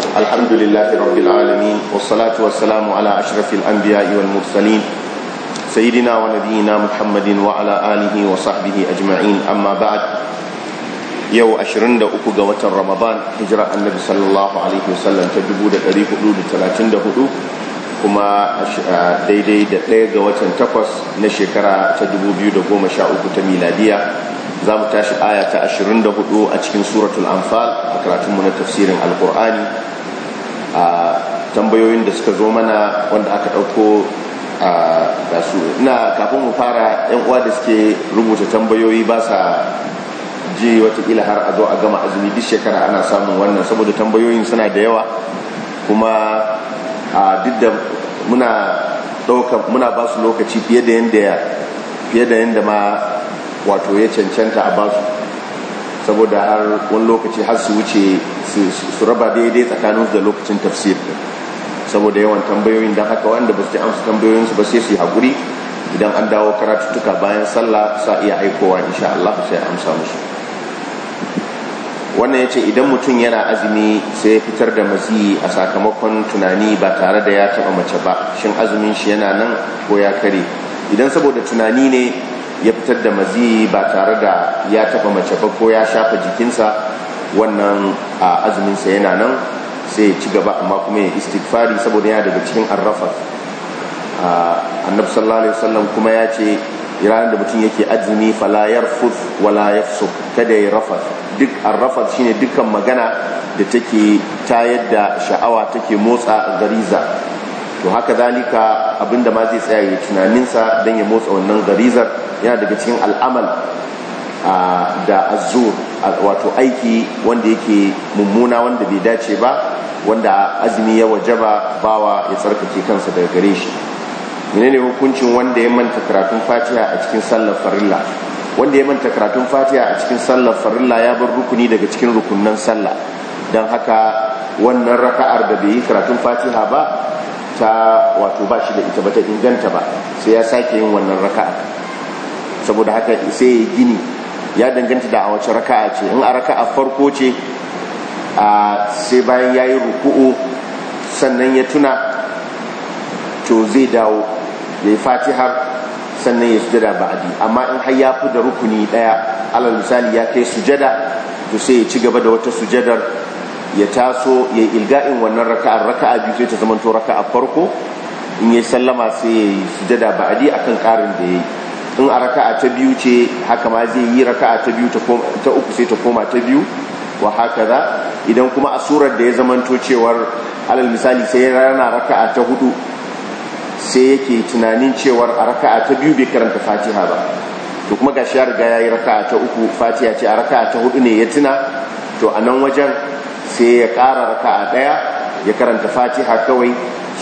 الحمد لله رب العالمين والصلاة والسلام على أشرف الأنبياء والمرسلين سيدنا ونبينا محمد وعلى آله وصحبه أجمعين أما بعد يو أشرن دا أكو قوة رمضان هجرة النبي صلى الله عليه وسلم تدبو دا قريب حدود تلاتين دا حدود kuma daidai da ɗaya ga watan takwas na shekara ta 2013 ta miladiya za mu tashi aya ta 24 a cikin suratul anfal a karatunmu na tafsirin alkur'ani a tambayoyin da suka zo mana wanda aka ɗauko a gasu na kafin mu fara yan uwa da suke rubuta tambayoyi ba sa ji watakila har a zo a gama azumi duk shekara ana samun wannan saboda tambayoyin suna da yawa kuma a duk da muna dauka muna ba su lokaci fiye da yadda fiye da yadda ma wato ya cancanta a basu saboda har wani lokaci har su wuce su raba daidai tsakanin da lokacin tafsir saboda yawan tambayoyin don haka wanda ba su ji amsa su ba sai su yi haƙuri idan an dawo karatuttuka bayan sallah sa iya aikowa insha Allah sai amsa musu wannan ya ce idan mutum yana azumi sai ya fitar da mazi a sakamakon tunani ba tare da ya taba mace ba shin azumin shi yana nan ko ya kare idan saboda tunani ne ya fitar da mazi ba tare da ya taba mace ba ko ya shafa jikinsa wannan azuminsa yana nan sai ya ci gaba amma kuma ya istighfari saboda yana daga cikin arrafas annabi sallallahu alaihi wasallam kuma ya ce ranar da mutum yake azumi fala yarfus wala yafsuk kada ya rafas duk arrafas shine dukkan magana da take tayar da sha'awa take motsa gariza to haka zalika abinda ma zai tsaya ya tunaninsa don ya motsa wannan garizar yana daga cikin al'amal da azur wato aiki wanda yake mummuna wanda bai dace ba wanda azumi ya wajaba bawa ya tsarkake kansa daga gare shi menene hukuncin wanda ya manta karatun fatiha a cikin sallar farilla wanda ya manta karatun fatiha a cikin sallar farilla ya bar rukuni daga cikin rukunnan sallah don haka wannan raka'ar da bai yi karatun fatiha ba ita wato ba shi da ita ba ta inganta ba sai ya sake yin wannan raka'a saboda haka sai ya gini ya danganta da a wace raka'a ce in a raka'a farko ce a sai bayan ya yi ruku'u sannan ya tuna to zai dawo ya yi fatihar sannan ya sujada ba'adi amma in har ya fi da rukuni daya alal misali ya kai sujada to sai ya ci gaba da wata sujadar ya taso ya ilga'in wannan raka'ar raka'a biyu sai ta zamanto raka'a farko in yi sallama sai ya yi sujada ba'adi akan karin da ya yi in a raka'a ta biyu ce haka ma zai yi raka'a ta biyu ta uku sai ta koma ta biyu wa haka za idan kuma a surar da ya zamanto cewar alal misali sai rana raka'a ta hudu sai yake tunanin cewar a raka'a ta biyu bai karanta fatiha ba to kuma gashi ya riga ya yi raka'a ta uku fatiha ce a raka'a ta hudu ne ya tuna to a nan wajen sai ya ƙara a ɗaya ya karanta fatiha kawai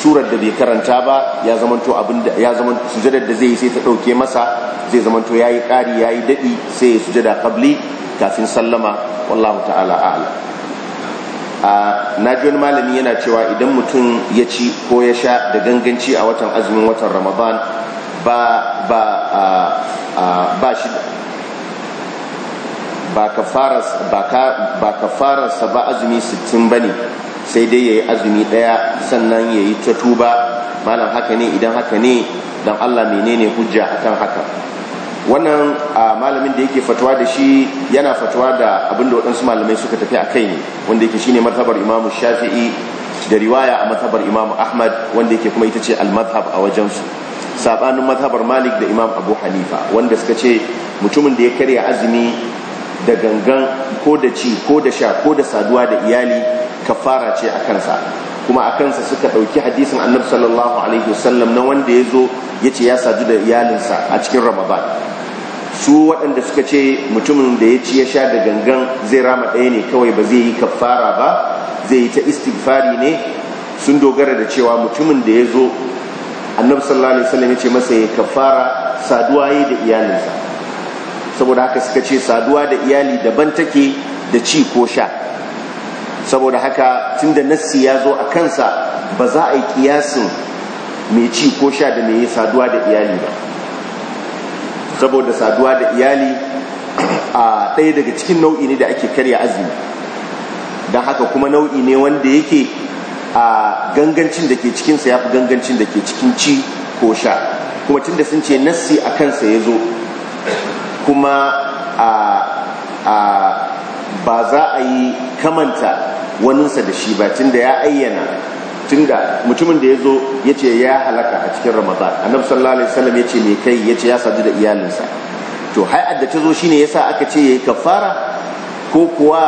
surar da bai karanta ba ya zamanto abin da ya zaman sujadar da zai yi sai ta ɗauke masa zai zamanto yayi yi ƙari ya daɗi sai ya sujada qabli kafin sallama wallahu ta'ala a'lam a na ji wani malami yana cewa idan mutum ya ci ko ya sha da ganganci a watan azumin watan ramadan ba ba ba shi ba kafararsa ba azumi sittin ba ne sai dai ya yi azumi ɗaya sannan ya yi ta tuba malam haka ne idan haka ne don allah menene hujja akan haka wannan malamin da yake fatuwa da shi yana fatuwa da abinda waɗansu malamai suka tafi a kai ne wanda yake shine mazhabar imamu shafi'i da riwaya a mazhabar imamu ahmad wanda yake kuma ita ce al-mazhab a wajensu saɓanin mazhabar malik da imam abu hanifa wanda suka ce mutumin da ya karya azumi da gangan ko da ci ko da sha ko da saduwa da iyali kafara ce a kansa kuma a kansa suka ɗauki hadisin annabi sallallahu alaihi wasallam na wanda ya zo ya ce ya sadu da iyalinsa a cikin ramadan su waɗanda suka ce mutumin da ya ci ya sha da gangan zai rama ɗaya ne kawai ba zai yi kafara ba zai yi ta istighfari ne sun dogara da cewa mutumin da ya zo annabi sallallahu alaihi wasallam ya ce masa ya kafara saduwa yi da iyalinsa saboda haka suka ce saduwa da iyali daban take da ci ko sha saboda haka tunda nassi ya zo a kansa ba za a yi kiyasin mai ci ko sha da mai saduwa da iyali ba saboda saduwa da iyali a ɗaya daga cikin nau'i ne da ake karya azumi don haka kuma nau'i ne wanda yake a gangancin da ke cikinsa ya fi gangancin da ke cikin ci ko sha kuma tunda sun ce nassi a kansa ya zo kuma a ba za a yi kamanta waninsa da shi ba tunda ya ayyana tunda mutumin da ya zo ya ce ya halaka a cikin ramadan annabi sallallahu alaihi wasallam ya ce mai kai ya ce ya sadu da iyalinsa to hai'ad da ta zo shine yasa aka ce yayi kafara ko kuwa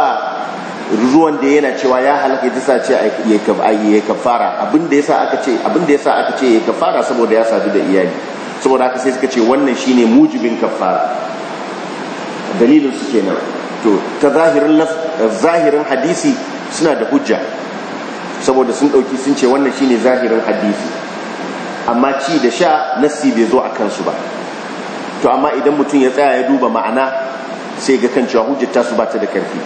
ruwan da yana cewa ya halaka ya sa ce yayi kafara abin da yasa aka ce abin da kafara saboda ya sadu da iyali saboda haka sai suka ce wannan shine mujibin kafara dalilin su kenan to ta zahirin hadisi suna da hujja saboda sun dauki sun ce wannan shine zahirin hadisi amma ci da sha nassi bai zo a kansu ba to amma idan mutum ya tsaya ya duba ma'ana sai ga kan cewa hujjar ta su ba ta da karfi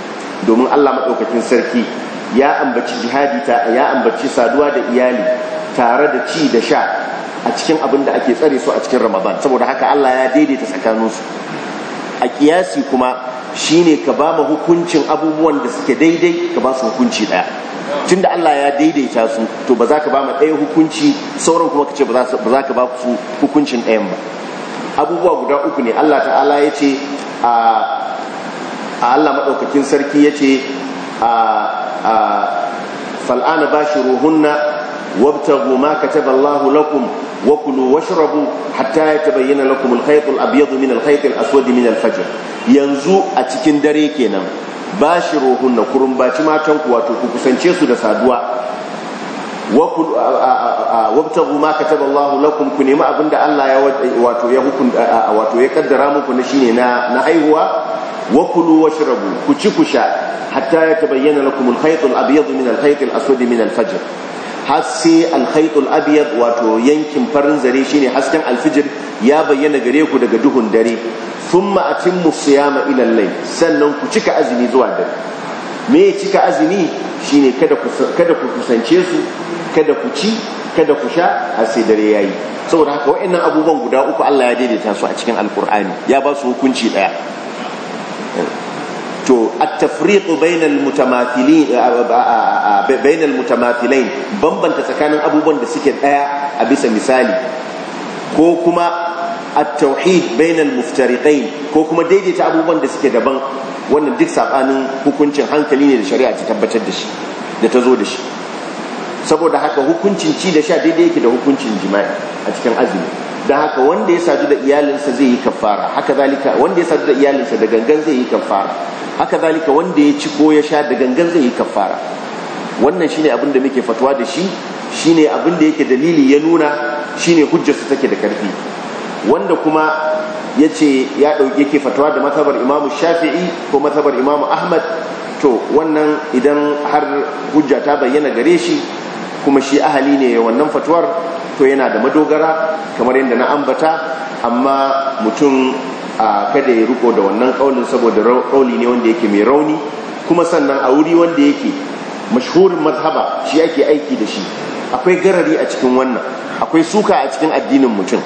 domin Allah madaukakin sarki ya ambaci jihadi ta ya ambaci saduwa da iyali tare da ci da sha a cikin abin da ake tsare su a cikin Ramadan saboda haka Allah ya daidaita tsakaninsu a kiyasi kuma shine ka ba ma hukuncin abubuwan da suke daidai ka ba su hukunci daya tunda Allah ya daidaita su to ba za ka ba mu ɗaya hukunci sauran kuma ka ce ba za ka ba su hukuncin ɗayan ba abubuwa guda uku ne Allah ta'ala ya ce a Allah maɗaukakin sarki ya ce a fal'ana ba shi ruhunna wabtagu ma kataba lakum وكلوا واشربوا حتى يتبين لكم الخيط الابيض من الخيط الاسود من الفجر ينزو أتكين دريكينا باشروهن كرمباتي ما تنكواتو كوكسنشيسو دسادوا wabtagu ma kataba Allah lakum ku nemi abinda Allah ya wato ya hukunta wato ya kaddara muku na shine na na haihuwa wa kulu washrabu ku ci ku sha hatta yatabayyana lakum al-khayt al-abyad min al al-aswad min al Hasse sai alkhaitul abiyad wato yankin farin zare shine hasken alfijir ya bayyana gare ku daga duhun dare thumma atimmu siyama ila al sannan ku cika azumi zuwa dare me cika azumi shine kada ku kada ku kusance su kada ku ci kada ku sha har sai dare yayi saboda haka wa'annan abubuwan guda uku Allah ya daidaita su a cikin alkur'ani ya ba su hukunci daya to at-tafriqu bainal mutamathilin bainal mutamathilain bambanta tsakanin abubuwan da suke daya a bisa misali ko kuma at-tauhid bainal muftariqain ko kuma daidaita abubuwan da suke daban wannan duk sabanin hukuncin hankali ne da shari'a ta tabbatar da shi da ta zo da shi saboda haka hukuncin ci da sha daidai yake da hukuncin jima'i a cikin azumi da haka wanda ya sadu da iyalinsa zai yi kafara haka zalika wanda ya sadu da iyalinsa da gangan zai yi kafara haka zalika wanda ya ci ko ya sha da gangan zai yi kafara wannan shine abin da muke fatuwa da shi shine abin da yake dalili ya nuna shine hujjarsa take da karfi wanda kuma ya ce ya ɗauki yake fatuwa da matsabar imamu shafi'i ko matsabar imamu ahmad to wannan idan har hujja ta bayyana gare shi kuma shi ahali ne wannan fatuwar to yana da madogara kamar yadda na ambata amma mutum a kada ya riko da wannan kaunin saboda kauli ne wanda yake mai rauni kuma sannan a wuri wanda yake mashhurin mazhaba shi yake aiki da shi akwai garari a cikin wannan akwai suka a cikin addinin mutum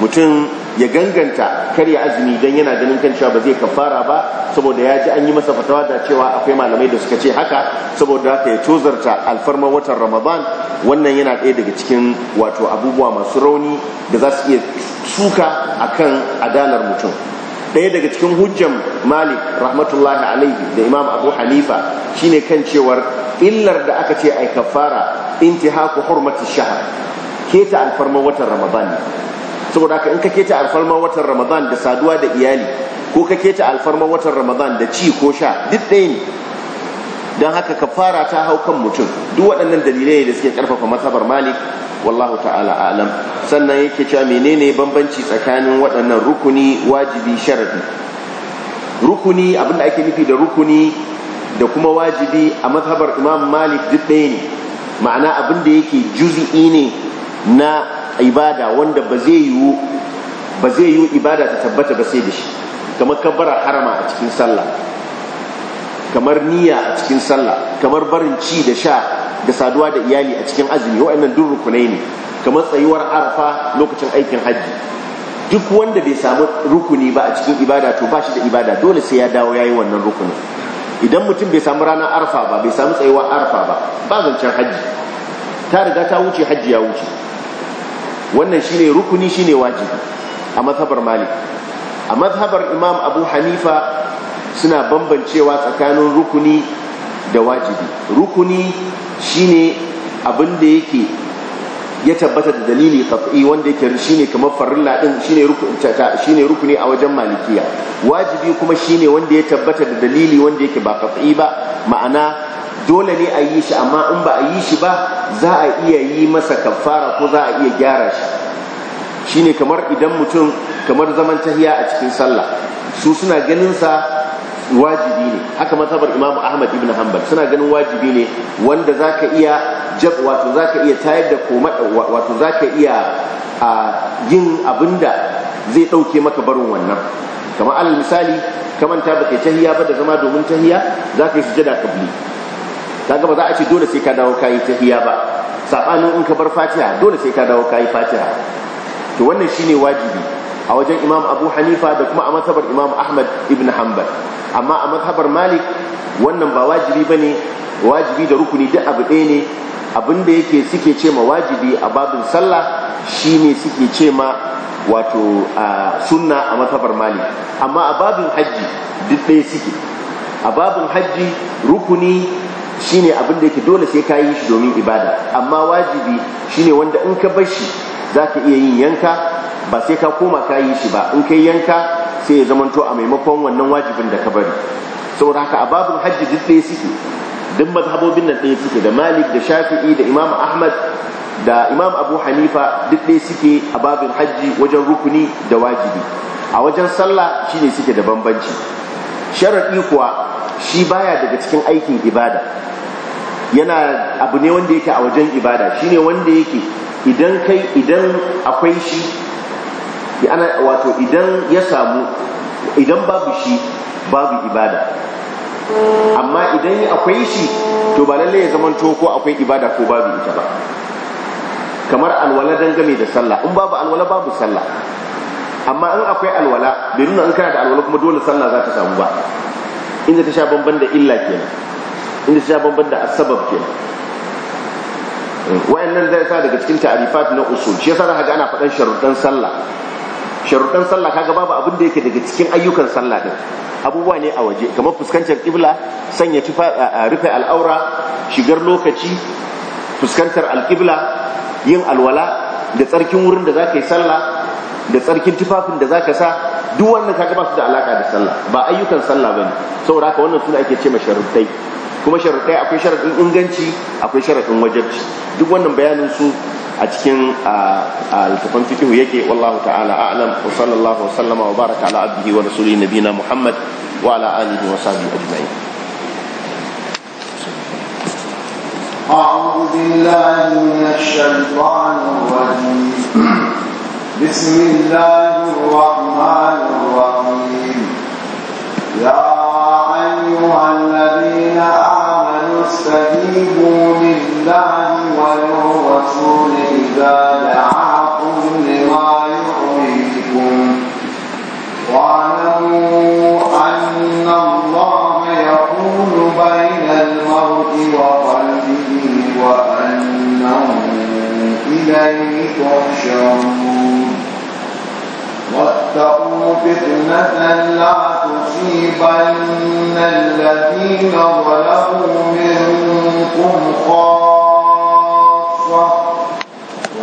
mutum ya ganganta karya azumi don yana ganin kan cewa ba zai kafara ba saboda ya ji an yi masa fatawa da cewa akwai malamai da suka ce haka saboda haka ya tozarta alfarmar watan ramadan wannan yana ɗaya daga cikin wato abubuwa masu rauni da za su iya suka kan adanar mutum ɗaya daga cikin hujjan malik rahmatullahi alaihi da imam abu hanifa shine kan cewar illar da aka ce ai kafara intihaku hurmati shahar keta alfarman watan ramadan saboda haka in ka keta alfarman watan ramadan da saduwa da iyali ko ka keta alfarman watan ramadan da ci ko sha duk ɗaya ne don haka ka fara ta hau kan mutum duk waɗannan dalilai da suke karfafa matsabar malik wallahu ta'ala alam sannan yake cewa menene bambanci tsakanin waɗannan rukuni wajibi sharadi rukuni abinda ake nufi da rukuni da kuma wajibi a matsabar imam malik duk ɗaya ne ma'ana abinda yake juzi'i ne na ibada wanda ba zai yiwu ba ibada ta tabbata ba sai da shi kamar kabbara harama a cikin sallah kamar niyya a cikin sallah kamar barin ci da sha da saduwa da iyali a cikin azumi waɗannan duk rukunai ne kamar tsayuwar arfa lokacin aikin hajji duk wanda bai samu rukuni ba a cikin ibada to ba shi da ibada dole sai ya dawo yayi wannan rukuni idan mutum bai samu ranar arfa ba bai samu tsayuwar arfa ba ba zancen hajji ta riga ta wuce hajji ya wuce wannan shine rukuni shine wajibi a mazhabar malik a mazhabar imam abu hanifa suna bambancewa tsakanin rukuni da wajibi rukuni shine abin da yake ya tabbata da dalili kafi wanda yake shine kamar farilla din shine rukuni shine rukuni a wajen malikiya wajibi kuma shine wanda ya tabbata da dalili wanda yake ba kaf'i ba ma'ana dole ne a yi shi amma in ba a yi shi ba za a iya yi masa kafara ko za a iya gyara shi shine kamar idan mutum kamar zaman tahiya a cikin sallah su suna ganin sa wajibi ne haka mazhabar imamu ahmad ibn hanbal suna ganin wajibi ne wanda zaka iya jab wato zaka iya tayar da koma wato zaka iya yin abinda zai dauke maka barin wannan kamar alal misali kaman ta baka tahiya ba da zama domin tahiya zaka yi sujada kabli kaga ba za a ce dole sai ka dawo kayi tahiya ba sabanin in ka bar fatiha dole sai ka dawo kayi fatiha to wannan shine wajibi a wajen imam abu hanifa da kuma a matsabar imam ahmad ibn hanbal amma a mazhabar malik wannan ba wajibi ba ne wajibi da rukuni duk abu ɗaya ne abinda yake suke ce ma wajibi a babin sallah shine suke ce ma wato sunna a mazhabar malik amma a babin hajji duk ɗaya suke a babin hajji rukuni shine abin da yake dole sai ka yi shi domin ibada amma wajibi shine wanda in ka bar shi za ka iya yin yanka ba sai ka koma kayi shi ba in kai yanka sai ya zamanto a maimakon wannan wajibin da ka bari saboda haka a babin hajji duk ɗaya suke duk mazhabobin nan ɗaya suke da malik da shafi'i da imam ahmad da imam abu hanifa duk ɗaya suke a babin hajji wajen rukuni da wajibi a wajen sallah shine suke da bambanci sharaɗi kuwa shi baya daga cikin aikin ibada yana abu ne wanda yake a wajen ibada shine wanda yake idan kai idan akwai shi ana wato idan ya samu idan babu shi babu ibada amma idan akwai shi to ba lallai ya zama to ko akwai ibada ko babu ita ba kamar alwala dangane da sallah in babu alwala babu sallah amma in akwai alwala bai nuna in kana da alwala kuma dole sallah za ta samu ba inda ta sha bamban da illa kenan inda ta sha bamban da asabab kenan wa'annan zai sa daga cikin ta'arifat na usul shi yasa ka ga ana faɗan sharuɗan sallah sharuɗan sallah kaga babu abin da yake daga cikin ayyukan sallah din abubuwa ne a waje kamar fuskantar kibla sanya tufa rufe al'aura shigar lokaci fuskantar alkibla yin alwala da tsarkin wurin da zaka yi sallah da tsarkin tufafin da zaka sa duk wannan kaga ba su da alaka da sallah ba ayyukan sallah bane saboda haka wannan suna ake ce ma sharuɗai kuma sharuɗai akwai sharaɗin inganci akwai sharaɗin wajabci duk wannan bayanin su a cikin alfafan fikihu yake wallahu ta'ala a'lam wa sallallahu wa sallama wa baraka ala abdihi wa rasuli nabina muhammad wa ala alihi wa sahbihi ajma'in أعوذ بالله من الشيطان الرجيم بسم الله الرحمن الرحيم يا أيها الذين آمنوا استجيبوا لله وللرسول إذا دعاكم لما يحييكم واعلموا أن الله يكون بين المرء وقلبه وأنه إليه تحشرون وَاتَّقُوا فِتْنَةً لَا تُصِيبَنَّ الَّذِينَ ظَلَمُوا مِنْكُمْ خَاصَّةً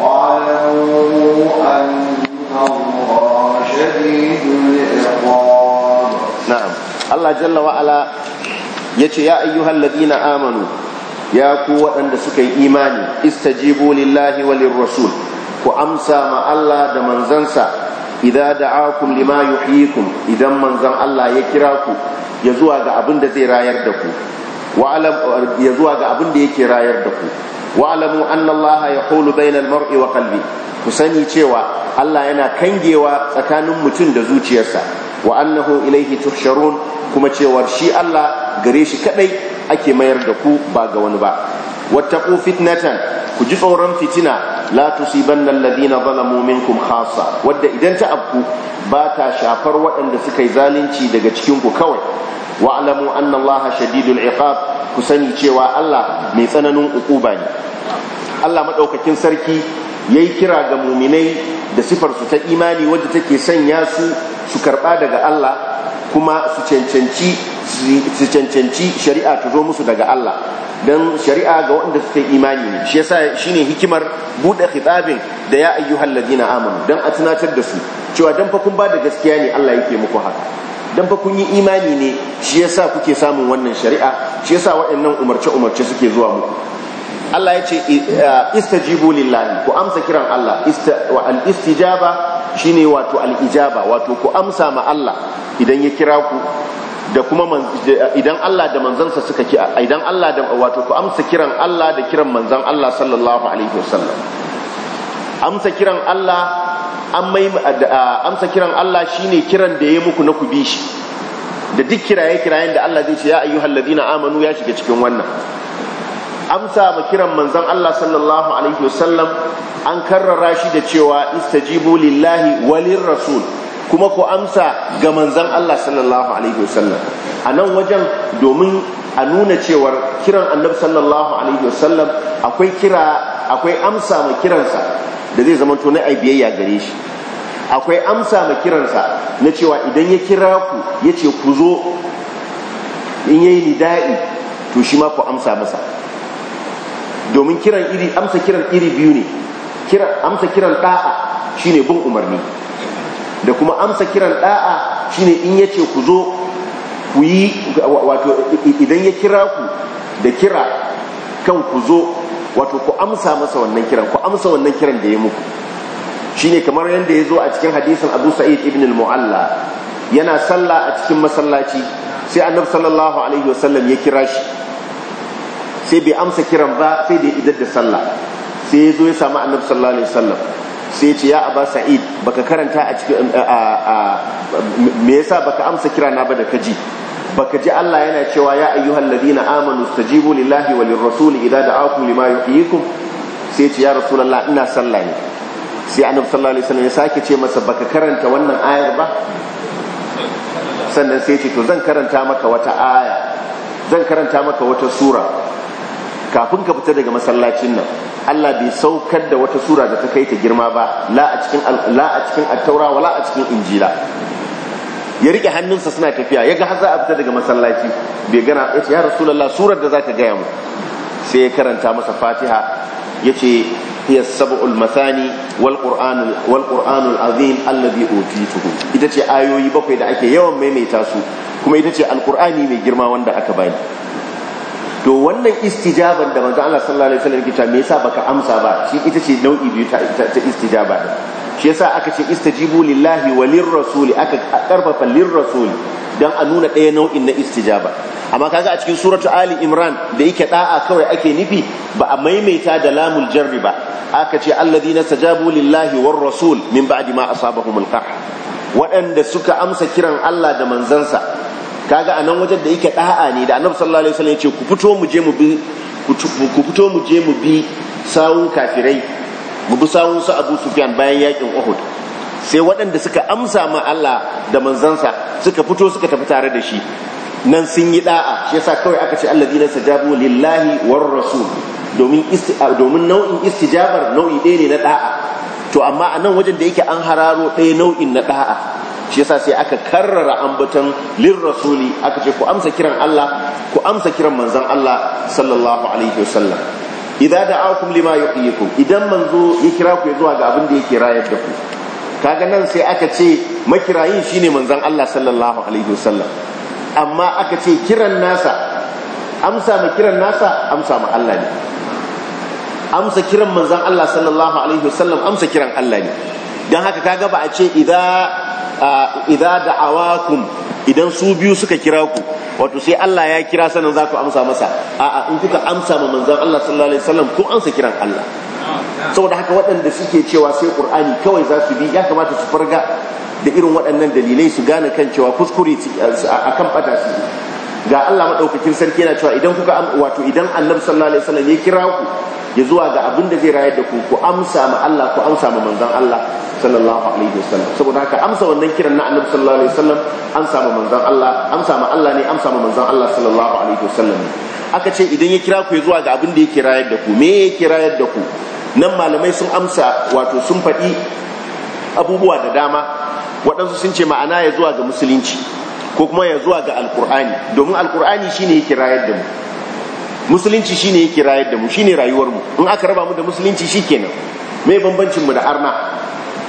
وَاعْلَمُوا أَنَّ اللَّهَ شَدِيدُ الْعِقَابِ نعم الله جل وعلا يتي يا أيها الذين آمنوا يا قوة أن سكي إيماني استجيبوا لله وللرسول وأمسى ما ma Allah زنسى idza da'akum lima yuhyikum idan manzon Allah ya kira ku ya zuwa ga abin da zai rayar da ku wa alam ya zuwa ga abin da yake rayar da ku wa alamu anna Allah yaqulu al mar'i wa qalbi ku sani cewa Allah yana kangewa tsakanin mutum da zuciyarsa wa annahu ilayhi tuhsharun kuma cewa shi Allah gare shi kadai ake mayar da ku ba ga wani ba wattaqu fitnatan ku ji tsoron fitina la tusibanna alladhina zalamu minkum khassa wadda idan ta abku ba ta shafar waɗanda suka yi zalunci daga cikin ku kawai wa'lamu anna allaha shadidul iqab ku sani cewa Allah mai tsananin ukuba ne Allah madaukakin sarki yayi kira ga muminai da sifar su ta imani wadda take sanya su su karba daga Allah kuma su cancanci shari'a ta zo musu daga Allah don shari'a ga wanda suke imani ne shi yasa shine hikimar buɗe khitabin da ya ayyuhal ladina amanu don a tunatar da su cewa dan fa kun ba da gaskiya ne Allah yake muku haka dan fa kun yi imani ne shi yasa kuke samun wannan shari'a shi yasa waɗannan umarce umarce suke zuwa muku Allah ya ce istajibu lillahi ku amsa kiran Allah al istijaba shine wato al ijaba wato ku amsa ma Allah idan ya kira ku da kuma idan Allah da manzansa suka ki idan Allah da wato ku amsa kiran Allah da kiran manzan Allah sallallahu alaihi wasallam amsa kiran Allah amsa kiran Allah shine kiran da ya muku na ku bi shi da duk kiraye kirayen da Allah zai ce ya ayyuhal ladina amanu ya shiga cikin wannan amsa ma kiran manzan Allah sallallahu alaihi wasallam an karrara shi da cewa istajibu lillahi walir rasul kuma ku amsa ga manzan Allah sallallahu alaihi wasallam a nan wajen domin a nuna cewar kiran annabi sallallahu alaihi wasallam akwai kira akwai amsa ma kiransa da zai zama na ai biyayya gare shi akwai amsa ma kiransa na cewa idan ya kira ku ya ce ku zo in yayi nida'i to shi ma ku amsa masa domin kiran iri amsa kiran iri biyu ne amsa kiran da'a shine bin umarni da kuma amsa kiran da'a shine in yace ku zo ku yi wato idan ya kira ku da kira kan ku zo wato ku amsa masa wannan kiran ku amsa wannan kiran da ya muku shine kamar yadda ya zo a cikin hadisin Abu Sa'id ibn al-Mu'alla yana salla a cikin masallaci sai annabi sallallahu alaihi wasallam ya kira shi sai bai amsa kiran ba sai da idar da salla sai yazo ya samu annabi sallallahu alaihi wasallam sai ce ya aba sa'id baka karanta a cikin me yasa baka amsa kira na ba da kaji baka ji Allah yana cewa ya ayyuhal ladina amanu stajibu lillahi walir rasul idza da'akum lima yuhyikum sai ce ya rasulullah ina sallah ne sai annabi sallallahu alaihi wasallam ya sake ce masa baka karanta wannan ayar ba sannan sai ce to zan karanta maka wata aya zan karanta maka wata sura kafin ka fita daga masallacin nan Allah bai saukar da wata sura da ta kai ta girma ba la a cikin la a cikin attaura wala a cikin injila ya rike hannunsa suna tafiya ya ga har za a fita daga masallaci bai gana ya ce ya rasulullah surar da zaka gaya mu sai ya karanta masa fatiha ya ce hiya sab'ul mathani wal qur'an wal al azim alladhi utituhu ita ce ayoyi bakwai da ake yawan maimaita su kuma ita ce alqur'ani mai girma wanda aka bani to wannan istijaban da manzo Allah sallallahu alaihi wasallam yake me yasa baka amsa ba shi ita ce nau'i biyu ta ta istijaba din shi yasa aka ce istajibu lillahi wa lirrasuli aka karfafa lirrasul dan a nuna ɗaya nau'in na istijaba amma kaga a cikin suratu ali imran da yake da'a kawai ake nufi ba a maimaita da lamul jarri ba aka ce alladhina stajabu lillahi war rasul min ba'di ma asabahum alqah waɗanda suka amsa kiran Allah da manzansa kaga anan wajen da yake da'a ne da annabi sallallahu alaihi wasallam ya ce ku fito mu je mu bi ku fito mu je mu bi sawun kafirai mu bi sawun su Abu Sufyan bayan yakin Uhud sai waɗanda suka amsa ma Allah da manzansa suka fito suka tafi tare da shi nan sun yi da'a shi yasa kawai aka ce alladina sajabu lillahi war rasul domin domin nau'in istijabar nau'i ɗaya ne na da'a to amma anan wajen da yake an hararo ɗaya nau'in na da'a shi yasa sai aka karrara ambaton lir aka ce ku amsa kiran Allah ku amsa kiran manzon Allah sallallahu alaihi wasallam idza da'akum lima yuqikum idan manzo ya kira ku zuwa ga abin da yake rayar da ku kaga nan sai aka ce makirayin shine manzon Allah sallallahu alaihi wasallam amma aka ce kiran nasa amsa ma kiran nasa amsa ma Allah ne amsa kiran manzon Allah sallallahu alaihi wasallam amsa kiran Allah ne dan haka kaga ba a ce idza idza da'awakum idan su biyu suka kira ku wato sai Allah ya kira sanan za ku amsa masa a'a in kuka amsa ma manzon Allah sallallahu alaihi wasallam ko amsa kiran Allah saboda haka waɗanda suke cewa sai Qur'ani kawai za su bi ya kamata su farga da irin waɗannan dalilai su gane kan cewa kuskure akan fata su ga Allah madaukakin sarki yana cewa idan kuka wato idan Annabi sallallahu alaihi wasallam ya kira ku ya zuwa ga abin da zai rayar da ku ku amsa ma Allah ku amsa ma manzon Allah sallallahu alaihi wasallam saboda haka amsa wannan kiran na annabi sallallahu alaihi wasallam amsa ma manzon Allah amsa ma Allah ne amsa ma manzon Allah sallallahu alaihi wasallam aka ce idan ya kira ku ya zuwa ga abin da yake rayar da ku me yake rayar da ku nan malamai sun amsa wato sun faɗi abubuwa da dama waɗansu sun ce ma'ana ya zuwa ga musulunci ko kuma ya zuwa ga alkur'ani domin alkur'ani shine yake rayar da mu musulunci shine yake rayar da mu shine rayuwar mu in aka raba mu da musulunci shikenan me bambancin mu da arna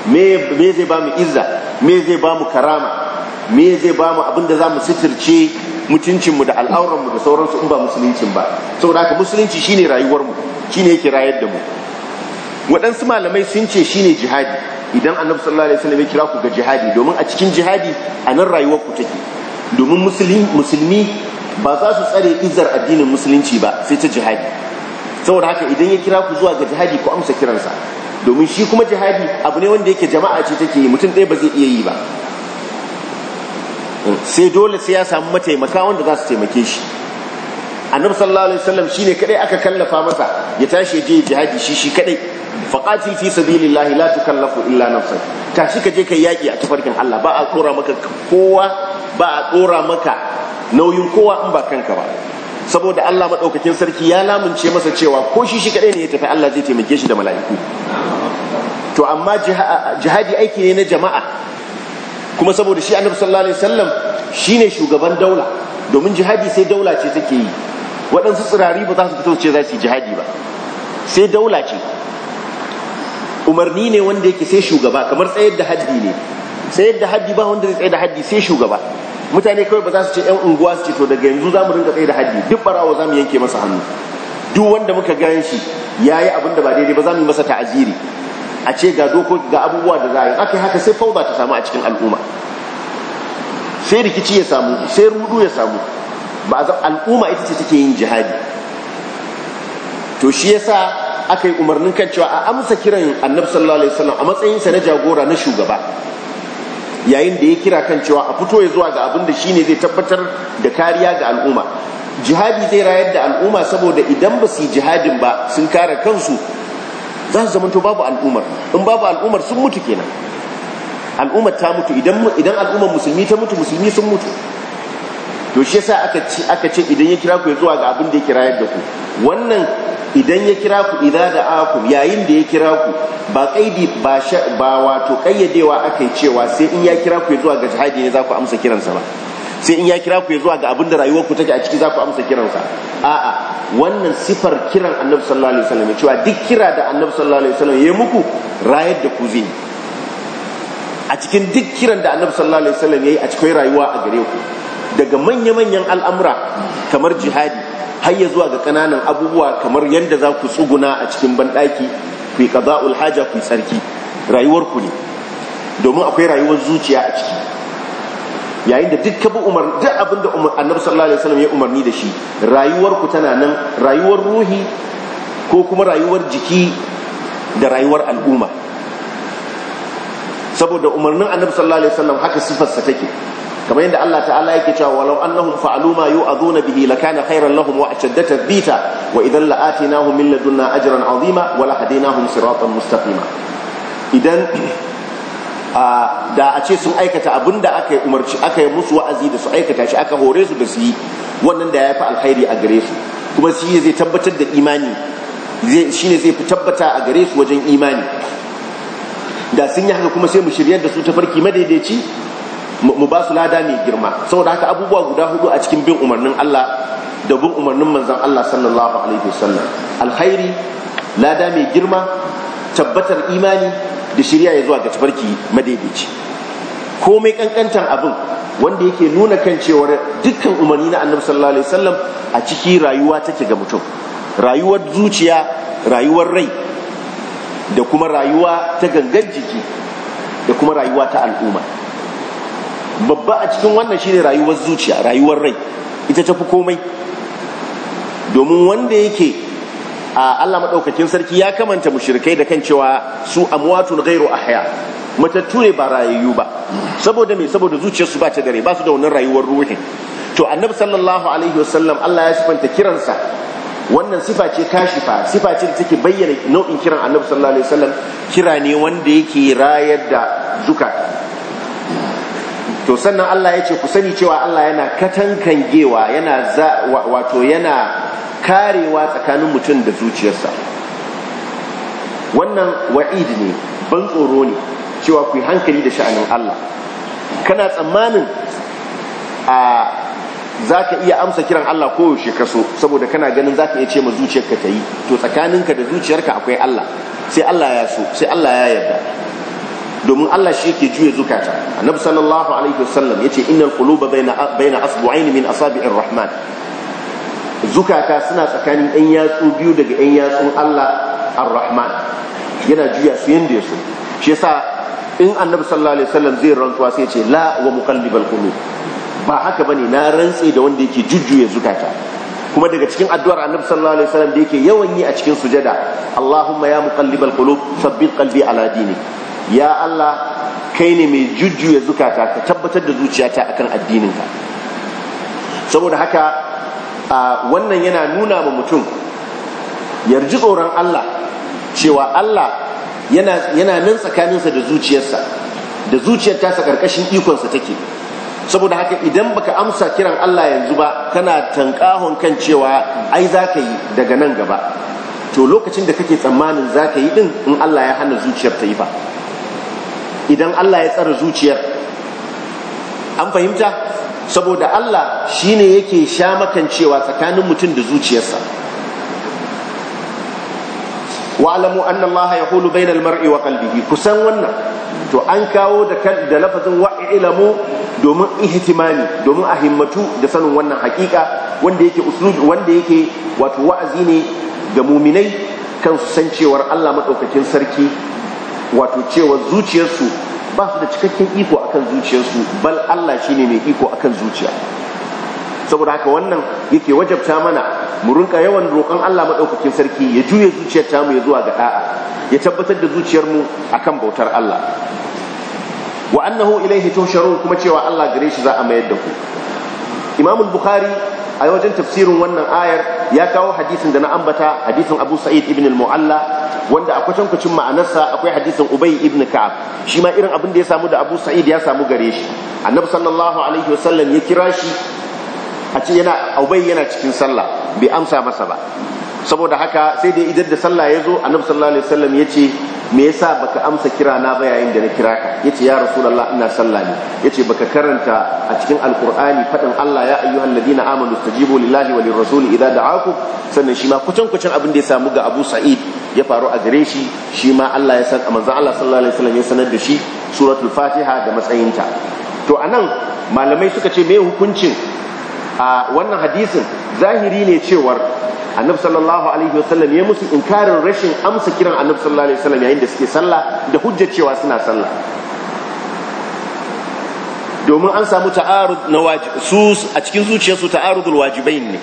me me zai ba mu izza me zai ba mu karama me zai ba mu abin da zamu sitirce mutuncin mu da al'auran mu da sauransu in ba musulunci ba saboda haka musulunci shine rayuwar mu shine yake rayar da mu waɗansu malamai sun ce shine jihadi idan annabi sallallahu alaihi wasallam ya kira ku ga jihadi domin a cikin jihadi a nan rayuwar ku take domin musulmi ba za su tsare izar addinin musulunci ba sai ta jihadi saboda haka idan ya kira ku zuwa ga jihadi ku amsa kiransa domin shi kuma jihadi abu ne wanda yake jama'a ce take yi mutum ɗaya ba zai iya yi ba hmm, sai dole sai ya samu mataimaka wanda za su taimake shi annabi sallallahu alaihi wasallam shine kadai aka kallafa masa ya tashi je jihadi shi shi kadai faqati fi sabilillahi la tukallafu illa nafsak tashi ka je kai yaki a tafarkin Allah ba a dora maka kowa ba a dora maka nauyin kowa in ba kanka ba saboda Allah maɗaukakin sarki ya lamunce masa cewa ko shi shi kaɗai ne ya tafi Allah zai taimake shi da mala'iku to amma jihadi aiki ne na jama'a kuma saboda shi annabi sallallahu alaihi wasallam shine shugaban daula domin jihadi sai daula ce take yi waɗansu tsirari ba za su fito ce za su yi jihadi ba sai daula ce umarni ne wanda yake sai shugaba kamar tsayar da haddi ne tsayar da haddi ba wanda zai tsayar da haddi sai shugaba mutane kawai ba za su ce yan unguwa su ce to daga yanzu za mu rinka tsaye da haddi duk barawa za mu yanke masa hannu duk wanda muka gan shi ya yi abin da ba daidai ba za mu yi masa ta'aziri a ce ga doko ga abubuwa da za a yi aka haka sai fauza ta samu a cikin al'umma sai rikici ya samu sai rudu ya samu ba za al'umma ita ce take yin jihadi to shi yasa aka yi umarnin kan cewa a amsa kiran annabi sallallahu alaihi wasallam a matsayinsa na jagora na shugaba yayin da ya kira kan cewa a fito ya zuwa ga abin da shine zai tabbatar da kariya ga al'umma jihadi zai rayar da al'umma saboda idan ba su yi jihadin ba sun kare kansu za su zamanto babu al'ummar in babu al'ummar sun mutu kenan al'ummar ta mutu idan al'ummar musulmi ta mutu musulmi sun mutu to shi yasa aka ce aka ce idan ya kira ku ya zuwa ga abin da ya kira yadda ku wannan idan ya kira ku idza da'akum yayin da ya kira ku ba kaidi ba ba wato kayyadewa akai cewa sai in ya kira ku ya zuwa ga jihadi ne za ku amsa kiransa ba sai in ya kira ku ya zuwa ga abin da rayuwar ku take a ciki za ku amsa kiransa a'a wannan sifar kiran annabi sallallahu alaihi wasallam cewa duk kira da annabi sallallahu alaihi wasallam ya muku rayar da ku zai a cikin duk kiran da annabi sallallahu alaihi wasallam yayi a cikin rayuwa a gare ku daga manya-manyan al'amura kamar jihadi har ya zuwa ga ƙananan abubuwa kamar yadda za ku tsuguna a cikin banɗaki ku yi ƙaza ulhaja ku yi tsarki Rayuwar ku ne domin akwai rayuwar zuciya a ciki yayin da duk abin da annabi sallallahu alaihi wasallam ya umarni da shi rayuwar ku tana nan rayuwar ruhi ko kuma rayuwar jiki da rayuwar al'umma saboda umarnin annabi sallallahu alaihi wasallam haka sifarsa take kamar yadda Allah ta'ala yake cewa walau annahum fa'alu ma yu'aduna bihi lakana khairan lahum wa ashaddata tathbita wa idan la'atinahum min ladunna ajran 'azima wa lahadainahum siratan mustaqima idan da a ce sun aikata abinda da aka umarci aka yi musu wa'azi da su aikata shi aka hore su da su yi wannan da ya fi alkhairi a gare su kuma shi zai tabbatar da imani shi ne zai fi tabbata a gare su wajen imani da sun yi haka kuma sai mu shiryar da su ta farki madaidaici mu ba su lada mai girma saboda haka abubuwa guda hudu a cikin bin umarnin Allah da bin umarnin manzon Allah sallallahu alaihi wasallam alkhairi lada mai girma tabbatar imani da shirya ya zuwa ga tafarki madaidaici komai kankantan abin wanda yake nuna kan cewar dukkan umarni na annabi sallallahu alaihi wasallam a ciki rayuwa take ga mutum rayuwar zuciya rayuwar rai da kuma rayuwa ta gangan jiki da kuma rayuwa ta al'umma babba a cikin wannan shine rayuwar zuciya rayuwar rai ita ta fi komai domin wanda yake a Allah maɗaukakin sarki ya kamanta mu mushrikai da kan cewa su amwatun ghairu ahya matattu ne ba rayayyu ba saboda me saboda su ba ta dare ba su da wannan rayuwar ruhin to annabi sallallahu alaihi wasallam Allah ya sifanta kiransa wannan sifa ce kashifa sifa ce da take bayyana nau'in kiran annabi sallallahu alaihi wasallam kira ne wanda yake rayar da zukata to sannan Allah ya ce ku sani cewa Allah yana katankangewa yana wato yana karewa tsakanin mutum da zuciyarsa wannan wa'id ne ban tsoro ne cewa ku yi hankali da sha'anin Allah kana tsammanin a za ka iya amsa kiran Allah koyaushe ka so saboda kana ganin za ka iya ce ma zuciyarka ta yi to tsakaninka da zuciyarka akwai Allah sai Allah ya so sai Allah ya yarda domin Allah shi yake juya zukata annabi sallallahu alaihi wasallam yace innal quluba baina baina asbu'ain min asabi'ir rahman zukata suna tsakanin ɗan yatsu biyu daga ɗan yatsun Allah ar-rahman yana juya su yanda yaso shi yasa in annabi sallallahu alaihi wasallam zai rantsuwa sai ce la wa muqallibal qulub ba haka bane na rantsi da wanda yake jujjuya zukata kuma daga cikin addu'ar annabi sallallahu alaihi wasallam da yake yawan yi a cikin sujada Allahumma ya muqallibal qulub sabbit qalbi ala dinik ya Allah kai ne mai jujjuya zukata ka tabbatar da zuciyata akan addininka saboda haka wannan yana nuna ma mutum yarji tsoron Allah cewa Allah yana nan tsakaninsa da zuciyarsa da zuciyar tasa karkashin ikonsa take saboda haka idan baka amsa kiran Allah yanzu ba kana tankahon kan cewa ai za ka yi daga nan gaba to lokacin da kake tsammanin za ka yi din in Allah ya hana zuciyar ta yi ba idan Allah ya tsara zuciyar an fahimta saboda Allah shi ne yake sha makancewa tsakanin mutum da zuciyarsa Wa'alamu anna Allah hulu bainal mar'i wa qalbihi kusan wannan to an kawo da da lafazin wa'ilamu domin ihtimami domin a himmatu da sanin wannan hakika wanda yake uslub wanda yake wato wa'azi ne ga muminai kan su san cewar Allah madaukakin sarki wato cewa zuciyarsu ba su da cikakken iko akan zuciyarsu bal Allah shi ne mai iko akan zuciya saboda haka wannan yake wajabta mana mu rinka yawan roƙon Allah maɗaukakin sarki ya juya zuciyar tamu ya zuwa ga ɗa'a ya tabbatar da zuciyar mu akan bautar Allah wa annahu Hito tusharun kuma cewa Allah gare shi za a mayar da ku imamul Bukhari a wajen tafsirin wannan ayar ya kawo hadisin da na ambata hadisin Abu Sa'id ibn al-Mu'alla wanda a kucin ma'anarsa akwai hadisin Ubay ibn Ka'ab shi ma irin abin da ya samu da Abu Sa'id ya samu gare shi Annabi sallallahu alaihi wasallam ya kira shi a ce yana Ubay yana cikin sallah bai amsa masa ba saboda haka sai dai idan da sallah ya zo annabi sallallahu alaihi wasallam ya ce me yasa baka amsa kira na ba yayin da na kira ka ya ce ya rasulullah ina sallah ne ya ce baka karanta a cikin alkur'ani faɗin allah ya ayyuhan ladina amanu stajibu lillahi wa lirrasuli idza da'akum sannan shi ma kucin kucin abin da ya samu ga abu sa'id ya faru a gare shi shi ma allah ya san allah sallallahu alaihi wasallam ya sanar da shi suratul fatiha da matsayinta to anan malamai suka ce me hukuncin a wannan hadisin zahiri ne cewar annabi sallallahu alaihi wasallam ya musu inkarin rashin amsa kiran annabi sallallahu alaihi wasallam yayin da suke sallah da hujjar cewa suna sallah domin an samu ta'arud na su a cikin zuciyarsu ta'arudul wajibain ne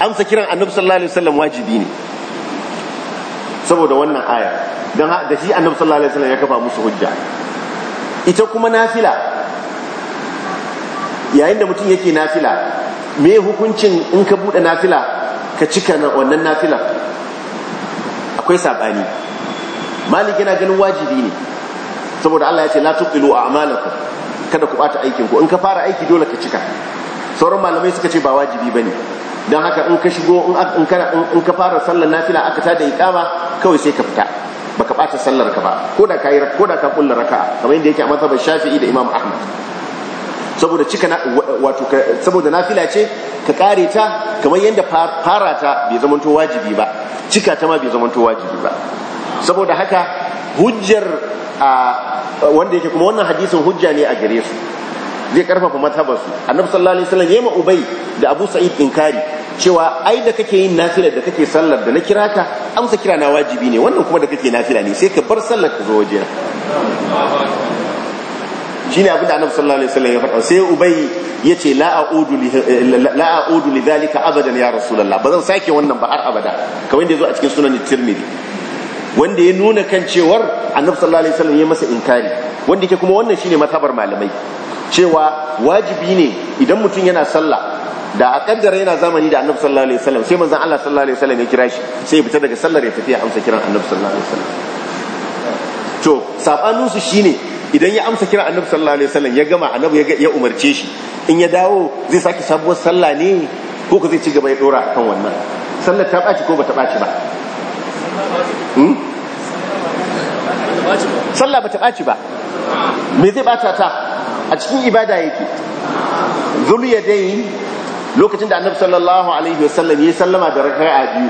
amsa kiran annabi sallallahu alaihi wasallam wajibi ne saboda wannan aya dan da shi annabi sallallahu alaihi wasallam ya kafa musu hujja ita kuma nafila yayin da mutum yake nafila me hukuncin in ka bude nafila ka cika wannan nafila akwai saɓani maliki yana ganin wajibi ne saboda Allah ya ce la tuqilu a'malakum kada ku bata aikin ku in ka fara aiki dole ka cika sauran malamai suka ce ba wajibi bane dan haka in ka shigo in ka in ka fara sallar nafila aka tada iqama kawai sai ka fita baka bata sallar ka ba ko da kai ka kullu raka'a kamar yadda yake a mazhabin Shafi'i da Imam Ahmad saboda cika wato saboda nafila ce ka kare ta kamar yadda fara ta bai zamanto wajibi ba cika ta ma bai zamanto wajibi ba saboda haka hujjar wanda yake kuma wannan hadisin hujja ne a gare su zai karfafa mazhabarsu annabi sallallahu alaihi wasallam yema ubay da abu sa'id inkari cewa ai da kake yin nafila da kake sallar da na kira ka amsa kira na wajibi ne wannan kuma da kake nafila ne sai ka bar sallar ka zo wajena shine abinda annabi sallallahu alaihi wasallam ya faɗa sai ubay yace la a'udu la a'udu li dhalika abadan ya rasulullah bazan sake wannan ba har abada kamar yadda yazo a cikin sunan tirmidhi wanda ya nuna kan cewar annabi sallallahu alaihi wasallam ya masa inkari wanda yake kuma wannan shine matabar malamai cewa wajibi ne idan mutum yana sallah da a kaddara yana zamani da annabi sallallahu alaihi wasallam sai manzon Allah sallallahu alaihi wasallam ya kira shi sai ya fita daga sallar ya tafi ya amsa kiran annabi sallallahu alaihi wasallam to sabanin su shine idan ya amsa kira annabi sallallahu alaihi wasallam ya gama annabi ya umarce shi in ya dawo zai sake sabuwar sallah ne ko ka zai ci gaba ya dora akan wannan sallar ta ɓaci ko ba ta ɓaci ba hmm? sallah ba ta ɓaci ba me zai ɓata ta a cikin ibada yake zuliya dai lokacin da annabi sallallahu alaihi wasallam ya sallama da raka'a biyu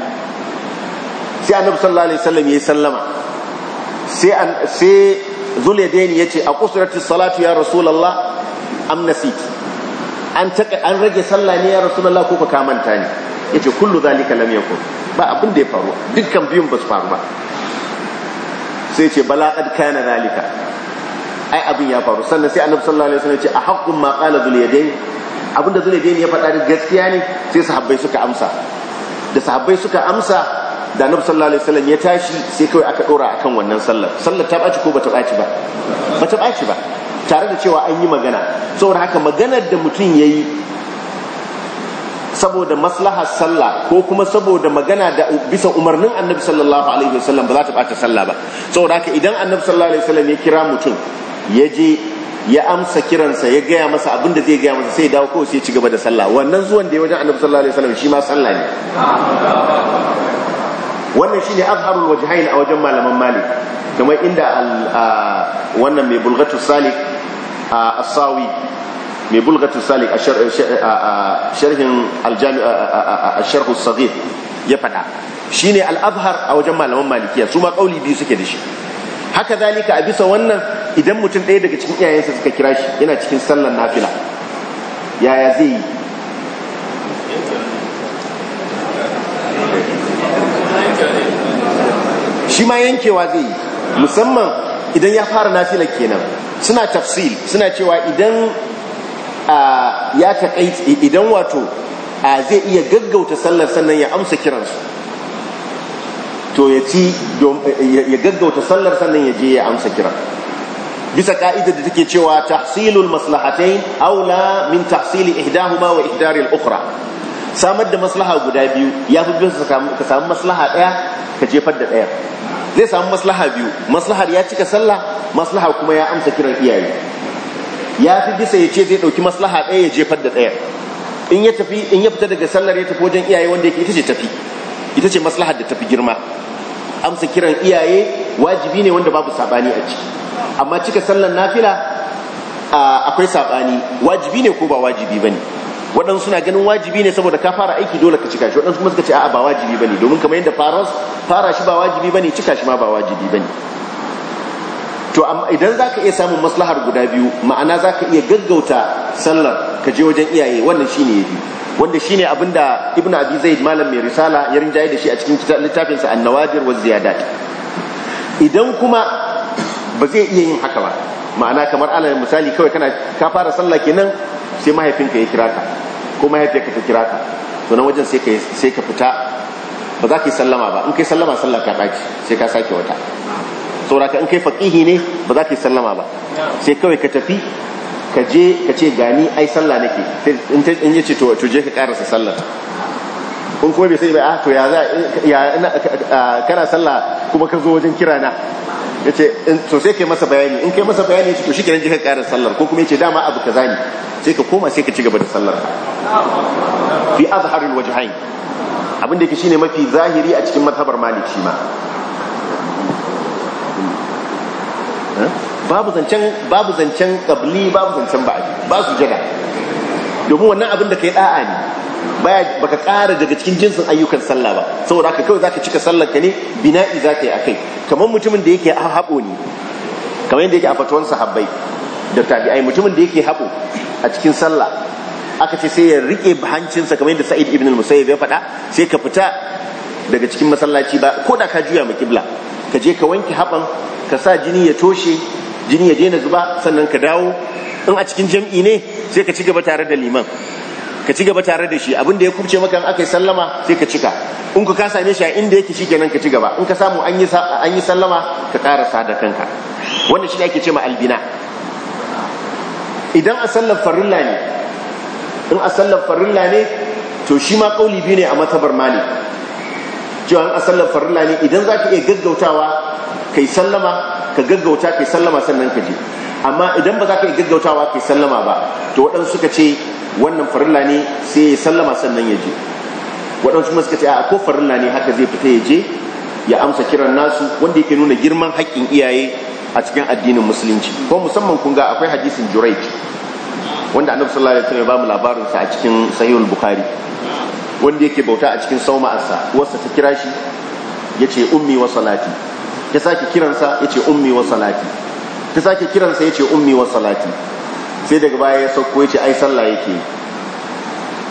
sai annabi sallallahu alaihi wasallam ya sallama sai ya yace a qusratis salatu ya rasulullah am nasit an taka an rage sallah ne ya rasulullah ko ka manta ne yace kullu zalika lam yakun ba abin da ya faru dukkan biyun ba su faru ba sai yace bala qad kana zalika ai abin ya faru sannan sai annabi sallallahu alaihi wasallam ya ce a haqqun ma qala zuliyadaini abinda ni ya faɗa gaskiya ne sai sahabbai suka amsa da sahabbai suka amsa da annabi sallallahu alaihi wasallam ya tashi sai kawai aka dora akan wannan sallar sallar ta baci ko bata baci ba bata baci ba tare da cewa an yi magana saboda haka maganar da mutum yayi saboda maslahar sallah ko kuma saboda magana da bisa umarnin annabi sallallahu alaihi wasallam ba za ta bata sallah ba saboda haka idan annabi sallallahu alaihi wasallam ya kira mutum ya je ya amsa kiransa ya gaya masa abin da zai gaya masa sai dawo kawai sai ci gaba da sallah wannan zuwan da ya wajen annabi sallallahu alaihi wasallam shi ma sallah ne wannan shine azharul wajhain a wajen malaman malik kamar inda wannan mai bulghatu salik asawi mai bulghatu salik a sharhin aljami a sharhu saghir ya fada shine al-azhar a wajen malaman malikiya su ma kauli biyu suke da shi haka zalika a bisa wannan idan mutum ɗaya daga cikin iyayensa suka kira shi yana cikin sallar nafila yaya zai yi shi ma yankewa zai yi musamman idan ya fara nafila kenan suna tafsil suna cewa idan ya idan wato zai iya gaggauta sallar sannan ya amsa kiransu to ya ci ya gaggauta sallar sannan ya je ya amsa kiran bisa ka'idar da take cewa tahsilul maslahatain aula min tahsili ihdahuma wa ihdari al-ukhra samar da maslaha guda biyu ya fi biyu ka samu maslaha ɗaya ka jefar da ɗaya zai samu maslaha biyu maslahar ya cika sallah maslaha kuma ya amsa kiran iyaye ya fi bisa ya ce zai ɗauki maslaha ɗaya ya jefar da ɗaya in ya tafi in ya fita daga sallar ya tafi wajen iyaye wanda yake ita ce tafi ita ce maslahar da tafi girma amsa kiran iyaye wajibi ne wanda babu sabani a ciki amma cika sallar nafila akwai sabani wajibi ne ko ba wajibi bane waɗansu suna ganin wajibi ne saboda ka fara aiki dole ka cika shi waɗansu kuma suka ce a'a ba wajibi bane domin kamar yadda Faras fara shi ba wajibi bane cika shi ma ba wajibi bane to amma idan za iya samun maslahar guda biyu ma'ana zaka iya gaggauta sallar ka je wajen iyaye wannan shine yafi wanda shine abinda ibn abi zaid malam mai risala ya rinjaye da shi a cikin sa an-nawadir wa ziyadat idan kuma ba zai iya yin haka ba ma'ana kamar alal misali kawai kana ka fara sallah kenan sai mahaifinka ya kira ka ko mahaifiyarka ta kira ka to nan wajen sai ka fita ba za ka yi sallama ba in kai sallama sallar ka daki sai ka sake wata sauraka in kai faƙihi ne ba za ka yi sallama ba sai kawai ka tafi ka je ka ce gani ai sallah nake in yace to to je ka karasa sallar kun kuma bai sai ba ah, to ya za ya kana sallah kuma ka zo wajen kira na ya ce to sai kai masa bayani in kai masa bayani to shi kenan ka ƙarin sallar ko kuma ya ce dama abu kaza ne sai ka koma sai ka ci gaba da sallar fi azharul wajhain abinda yake shine mafi zahiri a cikin mazhabar maliki shi ma babu zancen babu zancen qabli babu zancen ba'adi ba su jada domin wannan abin da kai da'a ne baya baka kara daga cikin jinsin ayyukan sallah ba saboda haka kawai zaka cika sallar ka ne bina'i zaka yi akai kamar mutumin da yake haɓo ne kamar yadda yake a fatuwan sahabbai da tabi'ai mutumin da yake haɓo a cikin sallah aka ce sai ya rike hancinsa kamar yadda Sa'id ibn al-Musayyib ya faɗa sai ka fita daga cikin masallaci ba ko da ka juya ma kibla ka je ka wanke haɓan ka sa jini ya toshe jini ya daina zuba sannan ka dawo in a cikin jam'i ne sai ka cigaba gaba tare da liman ka ci tare da shi abin da ya kubce maka a aka yi sallama sai ka cika in ku ka same shi a inda yake kenan ka ci gaba in ka samu an yi sallama ka karasa da kanka wannan shi ne ake ce ma albina idan a sallar farilla ne in a sallar farilla ne to shi ma kauli biyu ne a matabar mali cewa in a sallar farilla ne idan za ka iya gaggautawa kai sallama ka gaggauta kai sallama sannan ka je amma idan ba za ka yi gaggautawa kai sallama ba to waɗansu suka ce wannan farilla ne sai ya sallama sannan ya je waɗansu kuma suka ce a ko farilla ne haka zai fita ya je ya amsa kiran nasu wanda yake nuna girman haƙƙin iyaye a cikin addinin musulunci ko musamman kun ga akwai hadisin Juraid, wanda annabi sallallahu alaihi wasallam ya bamu labarin sa a cikin sahihul bukhari wanda yake bauta a cikin Sauma sauma'arsa uwarsa ta kira shi yace ummi wa salati ya sake kiransa yace ummi wa salati ta sake kiransa ya ce ummi wa salati sai daga baya ya sauko ya ce ai sallah yake